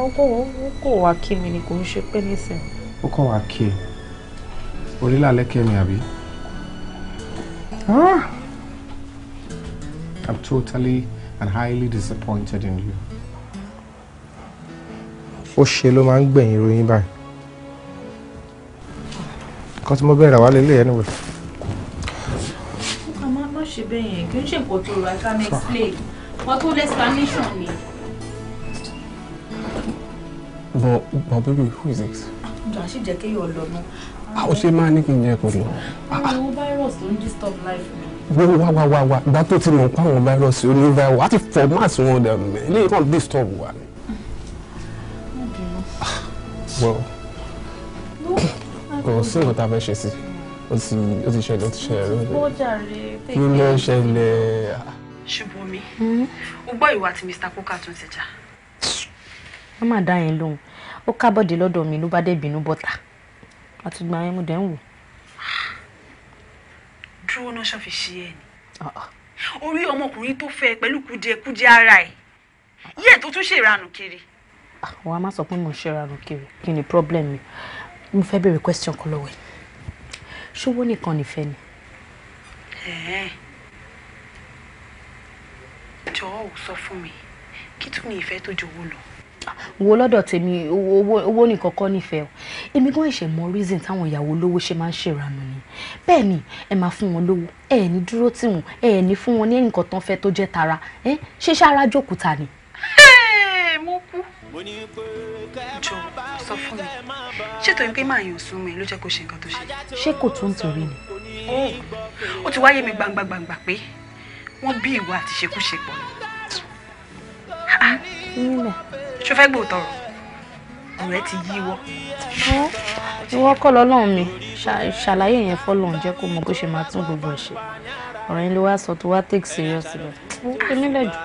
ó kò wá kí mi ni kò ń ṣe pé nísìnyí. ó kàn wá kí ẹ orílẹ̀-àlẹ́ kẹ́mi àbí. Ah! I'm totally and highly disappointed in you. ó ṣe ló máa ń gbẹ̀yìn ìròyìn báyìí nǹkan tí mo bẹ̀rẹ̀ àwa lè lè ẹ̀ níwẹ̀. ọkàn máa ń bọ̀ ṣe bẹ́ẹ̀ yẹn kì í ṣe nǹkan tó rà ká mi explain nǹkan tó lẹ́sìn explanation ni but but baby who is it? Ah, ǹjọ́ àṣì jẹ́ kéèyàn lọ náà. a ah, ò ṣe máa ní kí n jẹ́ kó lọ. Ah, àwọn virus ló ń disturb life mi. wọ́n wá wá wá wá ìgbà tó ti mọ̀ pé àwọn virus ò ní virus àti format wọn dẹ̀ mẹ́ ilé ìkàn disturb wa ni. well kò sí nǹkan tá a fẹ́ ṣe sí ó ti ó ti ṣẹlẹ̀ ó ti ṣẹlẹ̀ lónìí. ó jàre pé kí ló ṣẹlẹ̀. ṣùgbọ́n mi ó gbọ́ ìwà tí Mr. Coker tún ti jà. wọ́n dá yẹn lóhùn ó kábọ̀dé lọ́dọ̀ mi ló bá dẹ̀ bínú bọ́ta àtìgbà yẹn mo dẹ̀ ń wò. dúró náà ṣàfi ṣe ẹ ni ah, ah. orí ọmọkùnrin tó fẹ́ pẹ̀lú kùdìẹ̀kùdìẹ ara ẹ̀ yíyẹ tó tún ṣèrànù kiri. Ah, àwọn a máa sọ pé mo ń ṣèrànù kiri kí ni problem mi mo fẹ́ béèrè question kan lọ́wọ́ ẹ̀ ṣówó nìkan nìfẹ́ ni. jọ̀ọ́ sọ fún mi kí tún ni ìfẹ́ tó jọ̀wọ́ lọ wo lọ́dọ̀ tèmi owó owó nìkan kọ́ nífẹ̀ẹ́ o èmi gan ìṣe mọ reason táwọn ìyàwó olówó ṣe máa ń ṣèrànù ni bẹ́ẹ̀ ni ẹ máa fún wọn lówó ẹ ní dúró tì wọ́n ẹ ní fún wọn ní nǹkan tán fẹ́ tó jẹ́ tara ẹ ṣe sára jókúta ni. mo kú jọ sọ fún mi ṣé torí pé màá yàn sún mi ló jẹ́ kó ṣe nǹkan tó ṣe. ṣé kò tún torí ni. Oh, ó ti wáyé mi gbangba gbangba pé wọ́n bí ìwà àti ṣekúṣe pọ̀ ah, nílẹ̀ ṣó fẹ́ gbòòtọ̀ rọ̀ ọ̀rẹ́ ti yíwọ́. ìwọ kọ́ lọ́lọ́run mi ṣàlàyé yẹn fọ́lọ́run jẹ́ kó mọ bó ṣe máa tún gbogbo ẹ̀ ṣe ọ̀rẹ́ ló wá sọ tó wá take serious rẹ̀ èmi lẹ̀ jù.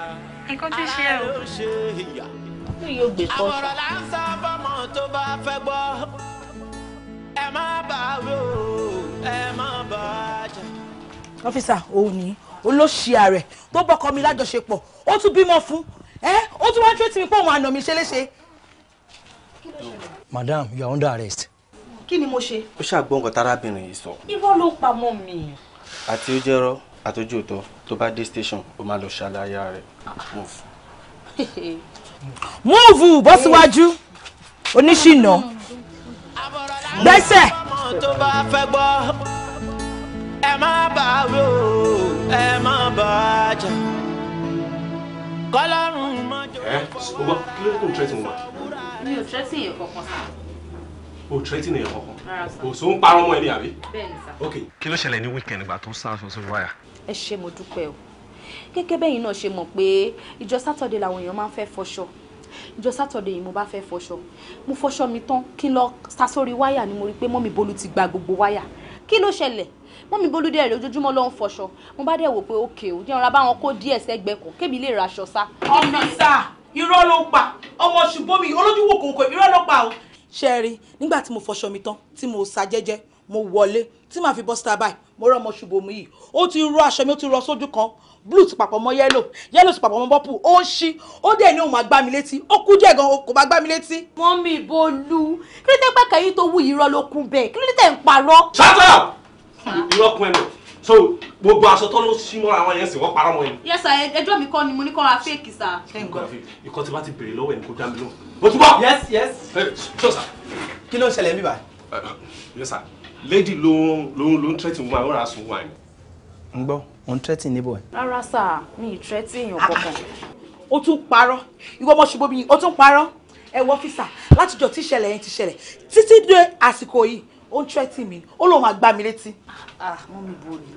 nǹkan tó ṣe é o. mi yóò gbé kọ́ ṣá. àmọ̀ràn lásán fọmọ tó bá fẹ́ gbọ́ ẹ má bà á rò ẹ má bà á jà. ọ́fíìsà òun ni olóṣìí ààrẹ tó bọ́kọ mi lájọṣepọ̀ ó tún bímọ fún ó tún wá treat mi pé òun àna mi ṣe léṣe. madam you are under arrest. kí ni mo ṣe. ó ṣàgbọ́n nǹkan tárábìnrin yìí sọ. irọ́ ló pa mọ́ mi. àti ó jẹ́rọ́ àtọ́jú òótọ́ tó bá dé station ó máa lọ ṣàlàyé rẹ̀ move. move bọ́ síwájú oníṣìnà gbẹ́sẹ̀. tó bá ẹ má bàa wí o ẹ má bàa jà kọ́lọ́run mọ́jọ́ fọwọ́ rárá. kí ló dé kó o tẹ́tí wọn. mi ò tẹ́tí yẹn kankan sá. o tẹ́tí yẹn kankan. o so ń parọ́ mọ́ ẹni àbí. bẹ́ẹ̀ni sá. ok kí ló ṣẹlẹ̀ ní weekend ìgbà tó sá aṣọ sórí wáyà. ẹ ṣé mo dúpẹ́ o gẹ́gẹ́ bẹ́yìn náà ṣe mọ̀ pé ìjọ sátọ̀dẹ̀ làwọn èèyàn máa ń fẹ́ fọṣọ ìjọ sátọ̀dẹ̀ yìí mo bá fẹ́ fọṣọ mo fọṣọ mi tán kí n lọ sá sórí wáyà ni mo rí pé mọ́mi Bólú ti gba gbogbo wáyà kí ló ṣẹlẹ̀ mọ́mì bolúdé rẹ̀ ojoojúmọ́ ló ń fọṣọ mo bá dẹ̀ wò pé òkè ò jẹun ra bá wọn kó díẹ̀ sẹ́gbẹ̀ẹ́ kan kébì lè raṣọ sá. ọ̀fíìsà irọ́ ló pa ọmọ ṣùgbọ́n mi olójú wò kòkò irọ́ ló pa o. ṣẹ́ẹ̀rì nígbà tí mo fọṣọ mi tán tí mo sa jẹ́jẹ́ mo wọlé tí màá fi bọ́ síta báyìí mo rọ́ ọmọ ṣùgbọ́n mi yìí ó ti rọ aṣọ mi ó ti rọ sójú kan blue ti papọ̀ mọ́ yellow yellow ti papọ̀ mọ́ purple ó ń ṣí ó dẹ̀ ní òun máa gbá mi létí ó kú jẹ́ gan kò máa gbá mi létí. mọ́mì bolú kí ló dé pẹ́kẹ́ yìí tó wú yìí rọ́ ló kún bẹ́ẹ̀ kí ló dé tẹ̀ ń parọ́. shut up irọ́ kun ẹnu so gbogbo aṣọ tó ló ṣí mọ́ra àwọn yẹn sì wọ́n parọ́ wọn yẹn. yẹ sà ẹjọ́ mi kọ́ ni mo ní kọ́ ra fake sà. ikọ̀ tí wọ́n ti bèrè lọ́wọ́ ẹ̀ ní kó dá mi lóhùn. o ti bọ́. yes yes. ṣé o sà. kí ló ń ṣẹlẹ̀ níbà. yẹ sà lady ló ń ló ń tẹ́tì wọn àwọn ará sùn wọn àná. ń gbọ́ òun tẹ́tì níbọ̀ ẹ̀. rárá sà mi ì tẹ́tì èèyàn ah, kankan. ó ah. tún parọ́ ìwọ ọmọ ṣùgbọ́n mi ó tún parọ́ ẹ wọ ọ́fíìsà látijọ́ tíṣẹlẹ̀ yẹn tíṣẹlẹ̀ títí dé àsìkò yìí ó ń tírẹ́tì mi ó lóun máa gbá mi létí. mọ́ mi bò ní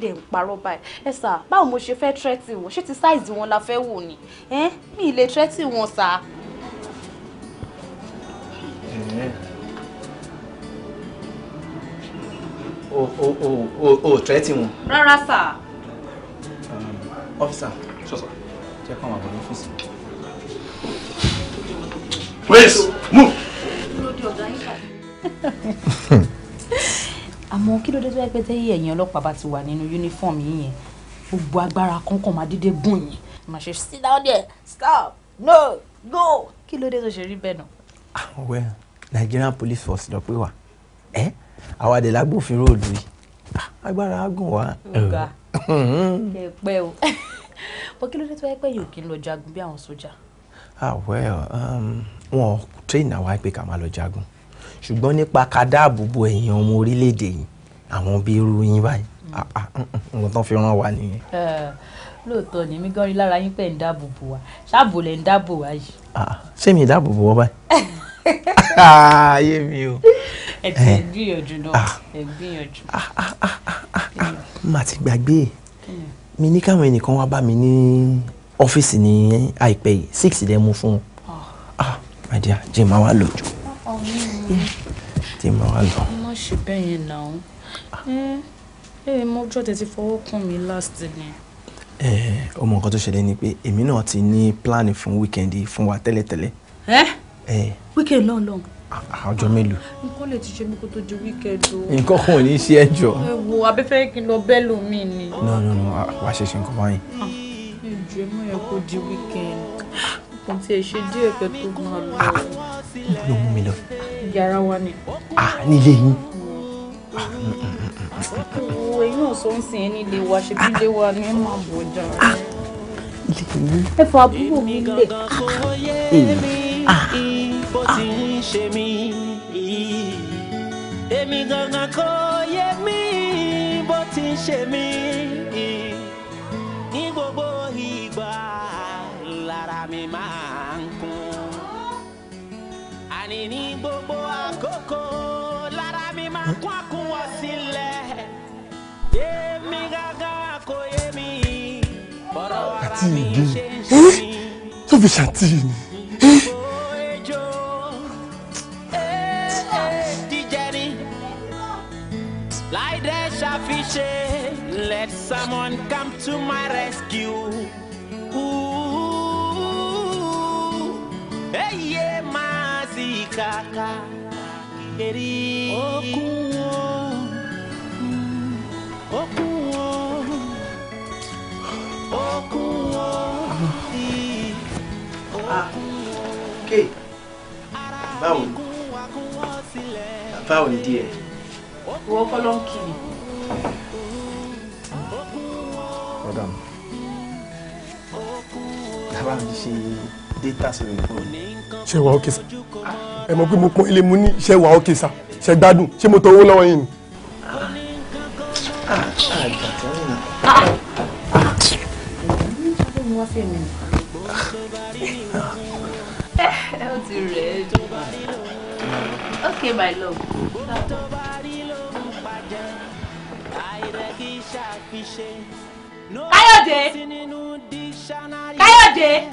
dẹ̀ ń parọ́ báyìí ẹ sà báwo mo ṣe fẹ́ tírẹ́tì wọn ṣé ti sáìzì wọn la fẹ́ wò ni ẹ mi ì lè tírẹ́tì wọn sà. o o o o o tírẹ́tì wọn. rárá sà. ọ́fíìsà um, ṣọ́ṣọ́ jẹ́ kó àwọn àbọ̀ lọ́fíìsì. Please move àmọ́ kí ló dé tó yẹ pé tẹ́yìn ẹ̀yìn ọlọ́pàá bá ti wà nínú yúnífọ́ọ̀mù yìí gbogbo agbára kankan máa dédé gùn yín máa ṣe sit down there stop no go kí ló dé tó ṣe rí bẹ́ẹ̀ nà. Ah, well Nigerian police force lọ pé wà ẹ àwa dẹ̀ lágbófinró òdu yìí ah, agbára á gùn wá. ọ̀gá kẹ pẹ́ o bó kí ló dé tó yẹ pé yóò kí n lọ jagun bí àwọn sójà. ah well um, wọn ò train àwa pé ká máa lọ jagun ṣùgbọ́n nípa ká dáàbò bo ẹ̀yìn ọmọ orílẹ̀-èdè yìí àwọn bíi irú yín báyìí nǹkan mm. ah, ah, mm, mm, tó fi ràn wá nìyẹn. lóòótọ́ ni mi gan rí lára yín pé ń dáàbò bò wá ṣáàbò lẹ̀ ń dáàbò wá yìí. Ah, ṣé mi dáàbò bò wọ́ báyìí. ayé mi o. ẹ ti eh. gbìyànjú náà ẹ gbìyànjú. màá ti gbàgbé mi ní káwọn ẹnìkan wá bá mi ní ọ́fíìsì ní àìpẹ́ yìí six dẹ́ mú fún Ah, my dear jim awa lójú tí mo wá lọ. má ṣe bẹ́ẹ̀ yẹn náà ẹ eh, ẹ eh, mọ́jọ́ tẹ ti fọwọ́ kàn mí last ni. ẹ eh, ẹ ọmọ nǹkan tó ṣẹlẹ̀ ni pé èmi náà ti ní pílánì fún wíkẹ́ndì fún wa tẹ́lẹ̀tẹ́lẹ̀. ẹ ẹ wíkẹ́ndì náà lọ. Ah, ah, ọjọ́ mélòó. nǹkan lè ti ṣe mí kó tó di wíkẹ́ndì o. nǹkan kan ò ní í ṣe ẹjọ́. ẹ wo abẹ́fẹ́ kí n lọ bẹ́ẹ̀ lómi ni. no no no ah, wàá ṣe nǹkan báyìí. ẹ jù ẹ kó di wíkẹ́ndì kò tiẹ̀ ṣe díẹ̀ pé tó máa lọ. níbo ah, ló mú mi lọ. yàrá wa ni. Ah, nílé yín. owó eyín ò sọ ń sìn ẹ́ nílé wa ṣe bí wa ni ẹ máa bọ̀ ah, ẹ fọ àbúrò mi lè. bó gangan kò yé mi bó ti ń ṣe mí. ni máa ń kún. àní ní gbogbo àkókò lára mi máa kún àkúnwọ́ sílẹ̀. èmi gángan kò yé mi bọ́rọ̀ ara mi ṣe ń ṣe mí. tó fi ṣàtì ni. someone come to my rescue. ìtaka èrè okun wo okun wo okun wo okun wo. báwo báwo ni díẹ̀. wọ́n kọ́ ló ń kiri. madam dábàá mi ṣe dé tásìrò ìfún ṣé wàá òkè sá ah, ẹ mọ̀ pé mo pọ́n ilé mu ní ṣé wàá òkè sá ṣé gbádùn ṣé mo tọ owó lọ́wọ́ yín ni. Ah, ah, ó ti Okay, my love. Káyọ̀dé! Káyọ̀dé!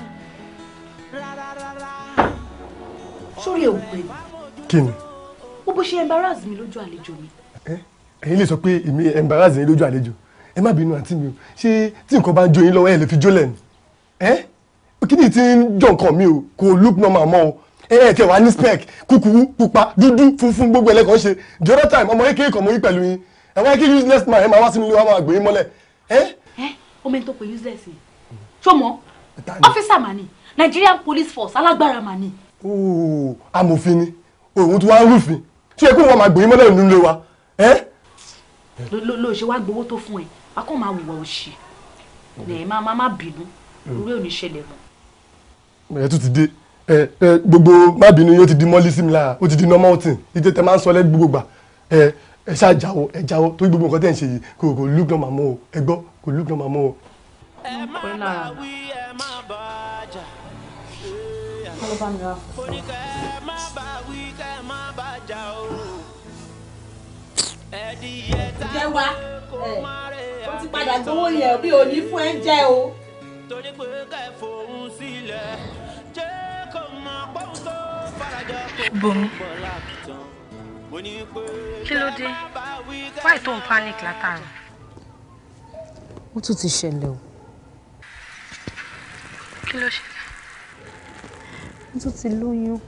sórí ewu pé. kí ni. mo bó ṣe embarrass mi lójú àlejò mi. ẹ̀yin lè sọ pé èmi embarrass yín lójú àlejò ẹ má bínú àǹtí mi o ṣé tí nǹkan bá ń jó yín lọ́wọ́ ẹ lè fi jólẹ̀ ni. ẹ kí ni tí ń jọ nǹkan mi o kò look normal mọ́ o ẹ tẹ wá ní spec kúkúrú pupa dúdú funfun gbogbo ẹlẹ́kọ̀ọ́ ṣe jọ̀rọ̀ time ọmọ kékeré kan mo rí pẹ̀lú yín ẹ wá kí useless man ẹ máa wá sínú ilé wa máa gbé yín mọ́lẹ̀. ẹ ọmọ ẹni tó pe useless yẹn ṣọmọ ọfíìsà mà Nigerian police force alágbára mà ni. amòfin ni òun tí wàá rúfin tí ẹ kó wọn máa gbòyìn mọ́lẹ̀ nínú ilé wa. ló ṣe wá gbowó tó fún ẹ a kò máa wùwà òṣì ẹ má má má bínú mm. orí ò ní ṣẹlẹ̀ mọ́. ẹ tún ti dé ẹ ẹ gbogbo má bínú yóò ti di mọ́lí sí mi lára ó ti di normal thing ìjẹ́ tẹ máa ń sọ lẹ́ gbogbo gbà ẹ ẹ ṣáà jáwọ́ ẹ jáwọ́ torí gbogbo nǹkan tẹ̀ ń ṣe yìí kò kò look normal mọ́ o ẹ gbọ́ kò look normal mọ́ o. ẹ má bá kọ́ ló bá mi ra. oníkẹ́ má bá wí kẹ́ má bá jà o. ẹ̀dìyẹ tá a kí ló dé wáì tó panic látàrí. ó tún ti ṣẹlẹ̀ o. kí ló ṣe n tún ti lóyún.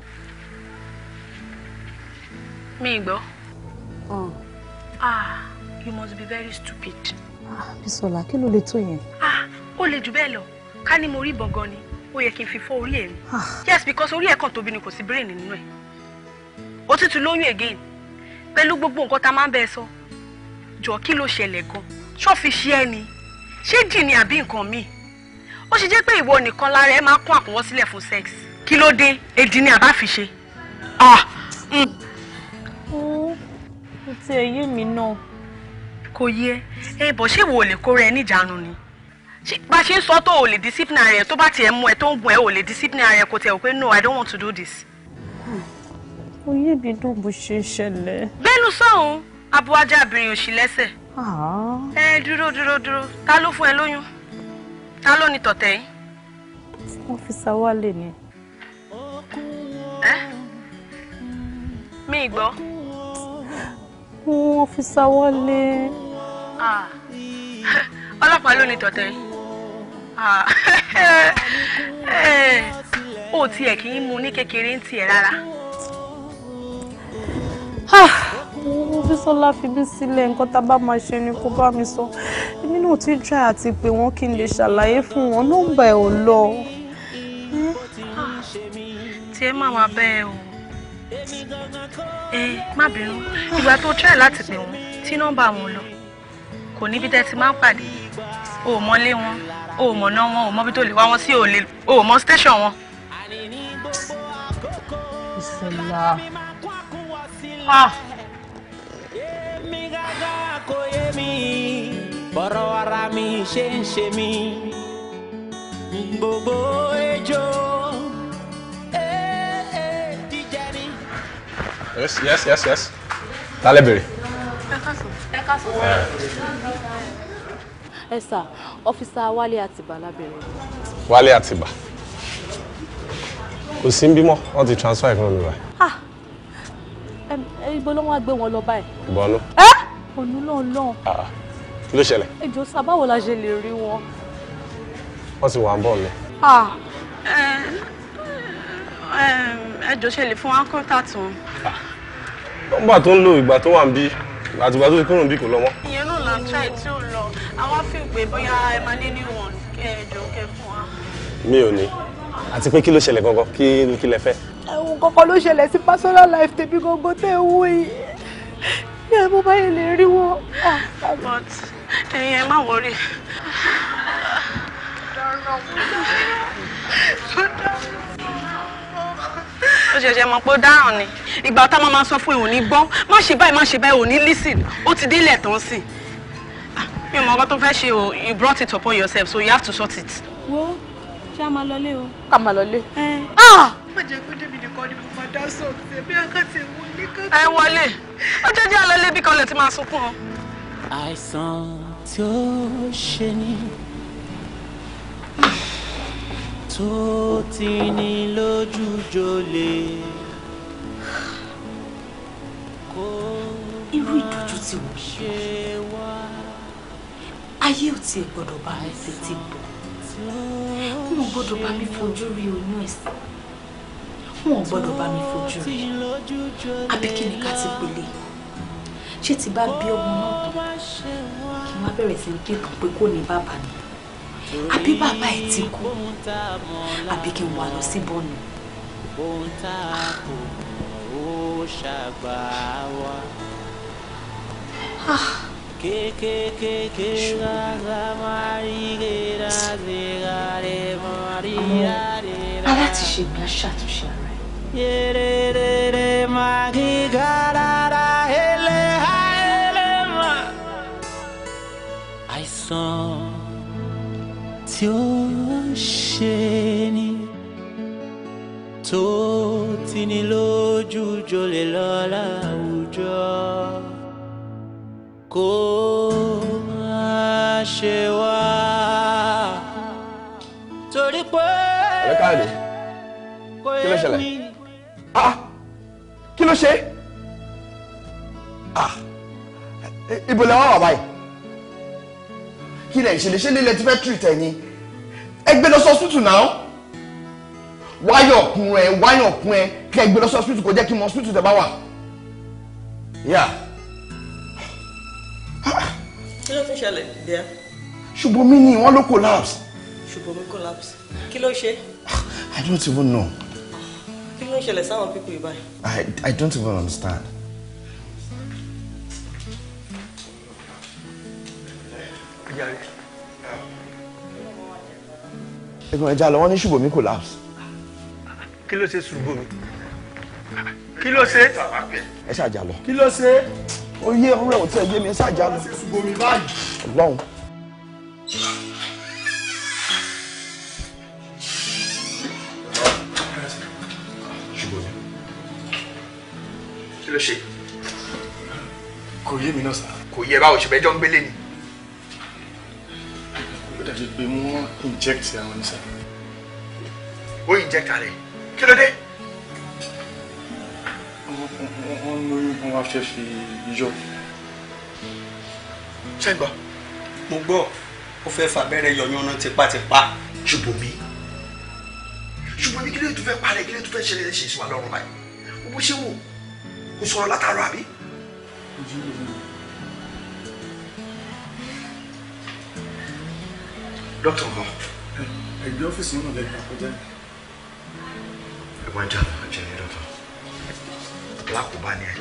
mi gbọ́. Uh. ah you must be very stupid. ah Bisola kí ló lè tó yẹn. ah ó lè jù bẹ́ẹ̀ lọ ká ní mo rí ìbọn gan ni ó yẹ kí n fi fọ́ orí ẹ̀ mi. Ah. yes because orí ẹ̀ kàn tóbi ni kò sí brain nínú ẹ̀. ó ti tún lóyún again pẹ̀lú gbogbo nǹkan tá a máa ń bẹ́ẹ̀ sọ jọ kí ló ṣẹlẹ̀ gan ṣó fi ṣe ẹ ni ṣé jì ni àbí nǹkan míì ó ṣe jẹ́ pé ìwọ nìkan lára ẹ máa kún àkúnwọ́ fún sex kí ló dé edi ni àbá fi ṣe. Ah. Mm. ó ti ẹyé mi náà. kò yẹ ẹ bọ̀ ṣé wo ò lè kóra ẹ níjàánu ni bá ṣe ń sọ tó o lè discipline rẹ tó bá tiẹ̀ mú ẹ tó ń gun ẹ o lè discipline rẹ kò tẹ̀ ò pé no i don't want to do this. oyè mi dùn bó ṣe ṣẹlẹ̀. bẹ́ẹ̀nu sọ̀hún abuwájà abirin òṣì lẹ́sẹ̀. Ah. ẹ dúró dúró dúró ta ló fún ẹ lóyún ta ló ní tọ̀tẹ̀ yín. ọ́fíìsà wálé ni mi gbọ́. wọ́n fi sáwọ́ lé. ọlọ́pàá ló ní tọ̀tẹ̀ ó tiẹ̀ kì í mu ní kékeré ń tiẹ̀ rárá. mo fi sọ́lá fi mí sílẹ̀ nǹkan tá a bá máa ṣe ni kó bá mi sọ èmi náà ti dra àti pé wọ́n kí n lè ṣàlàyé fún wọn nọ́mbà ẹ̀ ò lọ àǹtí ẹ má wá bẹ́ẹ̀ o ẹ má bínú ìgbà tó try láti pè wọ́n tí nọ́mbà wọn lọ kò níbi tẹ́ ti máa ń pàdé o ò mọlé wọn o ò mọ̀nà wọn o ò mọbi tó lè wá wọn sí o ò mọ station wọn. ìṣẹ̀lá ah bọ̀rọ̀ ara mi ṣe ń ṣe mi gbogbo ejò. yes yes yes yes ta lẹ bèrè. ẹ sà ọ́físà Wálé Àtìbà lábẹ́rẹ́. Wálé Àtìbà kò sí ń bímọ wọn ti transfer ìfún mi báyìí. Ah! ibo ló wá gbé wọn lọ báyìí. ìbọnú. ẹ ònú náà lọ́n. Ah, kí ló ṣẹlẹ̀. èjò sá báwo la ṣe lè rí wọn. wọ́n ti wà ń bọ̀ mi ẹ jọ ṣe lè fún wa contact wọn. nọ́mbà tó ń lò ìgbà tó wà ń bí àtìgbà tó ti kúrò ń bí kò lọ mọ́. ìyẹn náà là ń try tí ó lọ àwa fi pé bóyá ẹ máa ní new one kẹ ẹ jọ kẹ fún wa. mi ò ní àti pé kí ló ṣẹlẹ̀ gangan kí kí lẹ fẹ́. ẹ̀wọ̀n kankan ló ṣẹlẹ̀ sí personal life tèmi gangan tẹ̀ ń wò yìí ní àbúrò báyìí lè rí wọn. Ah, but ẹ̀yin ẹ má wọrí. Thank you ó ṣẹ̀ṣẹ̀ mọ̀ pé ó dáhùn ni ìgbà táwọn máa sọ fún ẹ gbọ́ má ṣe báyìí má ṣe báyìí ò lísìn ó ti délẹ̀ tán sí ah, mi ò mọ ọkàn tó fẹ́ ṣe o you brought it upon yourself so you have to sort it. wo ṣé a máa lọlé o. ká máa lọlé. Ah! má jẹ́ pé débi nìkan ni mo máa dá sọ ọ̀sẹ̀ bí akáti wọlé káàkiri. ẹ wọlé ó jẹ́ jẹ́ alẹ́ lébí kan lè ti máa sunkún o. àìsàn tí ṣe ni tó ti ní lójú jolè. irú ìdójú tí mo ṣe ayé ò tiẹ̀ gbọ́dọ̀ bá mi fetí bọ̀ wọn ò gbọ́dọ̀ bá mi fojú rí oyún ẹ̀sìn wọn ò gbọ́dọ̀ bá mi fojú rí àbí ni ká ti pèlè ṣé ti bá bí ọmọ náà tán kí n bẹ̀rẹ̀ sí ní kéèkàn pé kò ní bàbá mi àbí bàbá ẹ̀ ti kú àbí kí n wà lọ sí bọ́ọ̀nù. ohun tá a kò ó ṣàgbà wá. Ah. kékékéké rárá máa rí rírá rírá rẹ máa rí rárá. aláàtìṣe mi á ṣàtúnṣe ara ẹ. yèrèrèrè máa kí gàràrà ẹlẹ́hà tí ó ń lójú jolè lọ láwùjọ kó má ṣe wá torí pé kò yẹ mi. kí ló ṣe ibo làwọn wà báyìí kí lè ṣe lè ṣe lè lè ti fẹ́ tù tẹ̀ ẹ gbé lọ sọ́sítù náà wáyọ̀ kún ẹ wáyọ̀ kún ẹ kí ẹ gbé lọ sọ́sítù kò jẹ́ kí n mọ sọ́sítù tẹ bá wà. kí ló ti ṣẹlẹ̀ díẹ̀. ṣùgbọ́n mi ni wọ́n ló collapse. ṣùgbọ́n mi collapse kí ló ṣe. I don't even know. kí ló ń ṣẹlẹ̀ sáwọn pípọ̀ ìbáyìí. I I don't even understand. Yeah ẹ̀gbọ́n ẹja lọ wọ́n ní ṣùgbọ́n mi collapse. kí ló ṣe ṣùgbọ́n mi kí ló ṣe. ẹ ṣàjà lọ. kí ló ṣe. oyè ọ̀rẹ́ òtún ẹ̀yẹ mi ẹ ṣàjà lọ. ṣùgbọ́n mi báyìí. Ọlọ́run. kí ló ṣe. kò yé mi náà sá. kò yẹ báwo ṣùgbọ́n ẹjọ́ ń gbélé ni dẹ̀ lè gbé mú wọn inject àwọn ní sá. ó inject àlẹ kí ló dé. wọ́n lóyún wọn wá fẹ́ fi yọ. ṣé gbọ́. mo gbọ́ ó fẹ́ fàbẹ́rẹ́ yọyún ọ̀nà tipátipá ṣùgbọ́n mi ṣùgbọ́n mi kí ló tún fẹ́ parẹ́ kí ló tún fẹ́ ṣẹlẹ̀ ṣe sí wa lọ́rùn báyìí bó ṣe wò kò sọ̀rọ̀ látàrọ̀ àbí. ojú ìlú Doctor, kan. ẹgbẹ́ ọ́fíìsì náà lè gbà kọjá. ẹ̀gbọ́n ìjà náà jẹ́ ní dókítà lákòbá ni ẹ.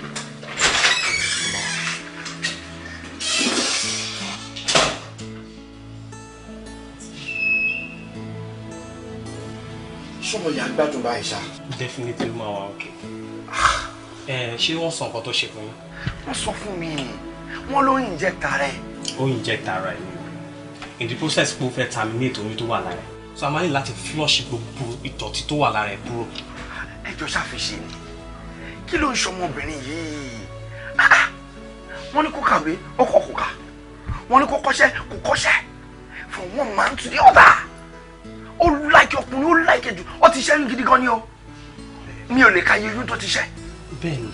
sọmọ yà gbádùn báyìí ṣá. definitely máa wà òkè. ṣé wọ́n sọ nǹkan tó ṣe fún yín. wọ́n sọ fún mi wọ́n ló ń jẹ́ tara ẹ̀. ó ń jẹ́ tara ni in the process pé fẹ́ terminate oyún tó wà lára ẹ̀ so a máa ní láti flush gbogbo ìdọ̀tí tó wà lára ẹ̀ kúrò. ẹjọ́ ṣàfihàn ni kí ló ń ṣe ọmọbìnrin yìí ah, ah. wọ́n ní kó kàwé ó kọ̀ kó kà wọ́n ní kó kọ́ṣẹ́ kó kọ́ṣẹ́ from one man to the other ó láìkí ọkùnrin ó láìkí jù ó ti ṣẹ́ ní gidi gan ni o mi ò lè ka iye oyún tó ti ṣẹ́. bẹ́ẹ̀ni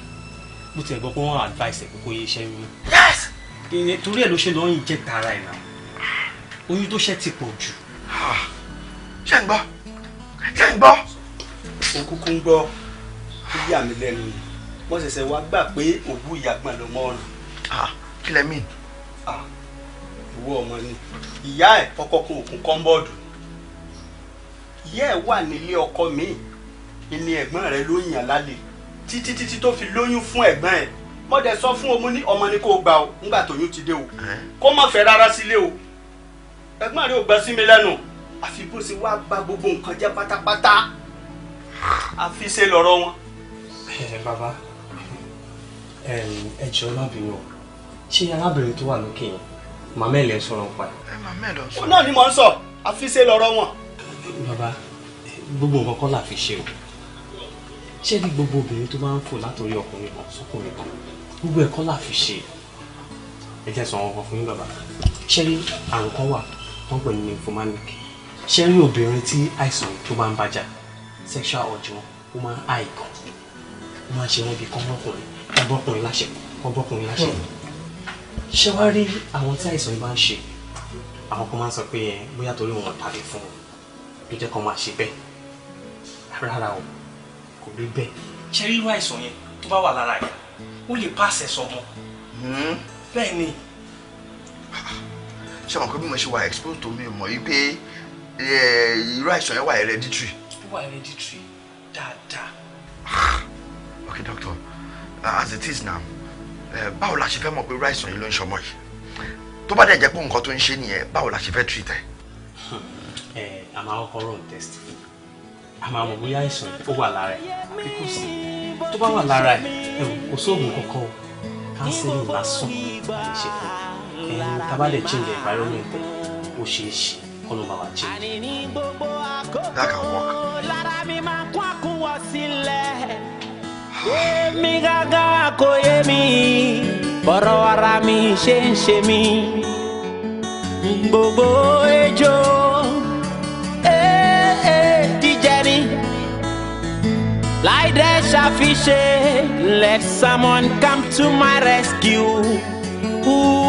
mo ti ẹ pé wọn advice ẹ pé kó yé iṣẹ́ yín. yes. torí ẹ ló ṣe lọ ń jẹ tara ẹ náà oyún tó ṣẹ́ ti pọ̀ jù. ṣé ń gbọ́ ṣé ń gbọ́. òun kúkú ń gbọ́ yíyà mí lẹ́nu ni wọ́n ṣẹ̀ṣẹ̀ wá gbà pé òwú ìyàgbọ́n ló mọ́ ọ̀run. kí lẹ mí. ìwọ ọmọ ni ìyá ẹ̀ ọkọ kan òkun kọ́ńbọ́ọ̀dù ìyá ẹ̀ wà nílé ọkọ mi ni ẹ̀gbọ́n rẹ̀ ló yàn lálẹ́ títí títí tó fi lóyún fún ẹ̀gbọ́n ẹ̀ mọ̀dẹ̀ sọ fún ọmọ ní ọmọ ni kò gbà ó ńgbà tóyún ti dé o kó má fẹ́ rárá sílé o ẹ̀gbọ́n rẹ ò gbẹ sí mi lẹ́nu àfi bó ṣe wá gba gbogbo nǹkan jẹ́ pátápátá àfi ṣe lọ́rọ̀ wọn. ẹ bàbá ẹ jọ má bínú ṣé arábìnrin tó wà lókè yẹn màmá ẹ lè sọ̀rọ̀ pa. ẹ màmá ẹ lọ sọ. náà ni mò ń sọ àfi ṣe lọ́rọ̀ wọn. bàbá gbogbo nǹkan kọ́ la fi ṣe o ṣé ní gbogbo obìnrin tó máa ń fò látòrí ọkùnrin kan sọkùnrin kan gbogbo ẹ̀kọ́ la ṣe ẹ jẹ́ sọ kan fún yín bàbá ṣé àrùn kan wà tó ń pè ní nymphomanic ṣé rí obìnrin tí àìsàn tó máa ń bàjá sexual urge wọn ó máa ń àìkàn ó máa ń ṣe wọn bíi kọ́ńbọ́kùnrin kọ́ńbọ́kùnrin láṣepọ̀ kọ́ńbọ́kùnrin láṣepọ̀ hmm. ṣé wá rí àwọn tí àìsàn yìí bá ń ṣe àwọn kan máa ń sọ pé ẹ bóyá torí wọn tàbí fún wọn ló jẹ́ kó máa ṣe bẹ́ẹ̀ rárá o kò rí bẹ́ẹ̀ ṣé rí irú àìsàn yẹn tó bá wà lára yẹn ó lè pàṣẹ sọmọ hmm. bẹ́ẹ̀ ni ṣé mo kọ́ bí mo ṣe wà exposed to mi mọ̀ yìí pé irú àìsàn yẹn wà hereditary. ó wà hereditary dáadáa. ok doctor uh, as it is now báwo la ṣe fẹ́ mọ̀ pé irú àìsàn yìí ló ń ṣọmọ yìí tó bá dẹ̀ jẹ́ pé nǹkan tó ń ṣe nìyẹn báwo la ṣe fẹ́ treat ẹ̀. ẹ a máa kọ́kọ́ run test a máa mọ̀ bóyá àìsàn yìí ó wà lára ẹ̀ àbí kò sí tó bá wà lára ẹ̀ ẹ̀ kò sóògùn kankan kánsẹ́lì lásán kì tábà lè change the environment ó ṣeé ṣe kọ́ ló wa change. that can work. lára mi máa kún àkúnwọ̀ sílẹ̀ èmi gángan kò yé mi bọ̀rọ̀ ara mi ṣe ń ṣe mi gbogbo ejò eh, eh, jíjẹ ni láìdẹ ṣàfiṣe let someone come to my rescue. Ooh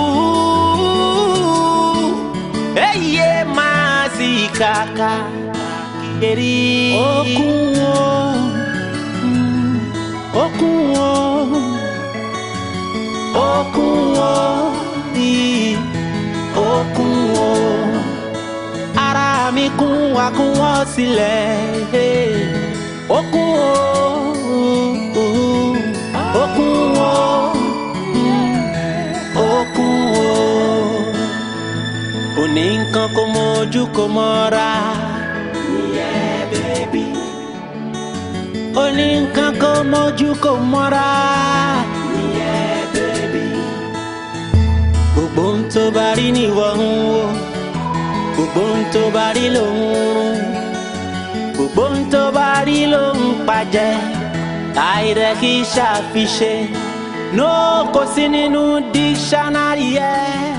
eye mazikaka eri. okun hmm. wo okun wo okun wo ni okun wo ara mi kún wa kún wọ́n sílẹ̀ ní nǹkan kó mojú kó mọ́ra. Yeah, baby. ó ní nǹkan kó mojú kó mọ́ra. Yeah, baby. gbogbo ohun tó bá rí níwọ̀ ń wò gbogbo ohun tó bá rí ló ń rún gbogbo ohun tó bá rí ló ń pàjẹ́ àìrẹ kì í ṣàfiṣe. No, kò sí nínú dictionary yẹn.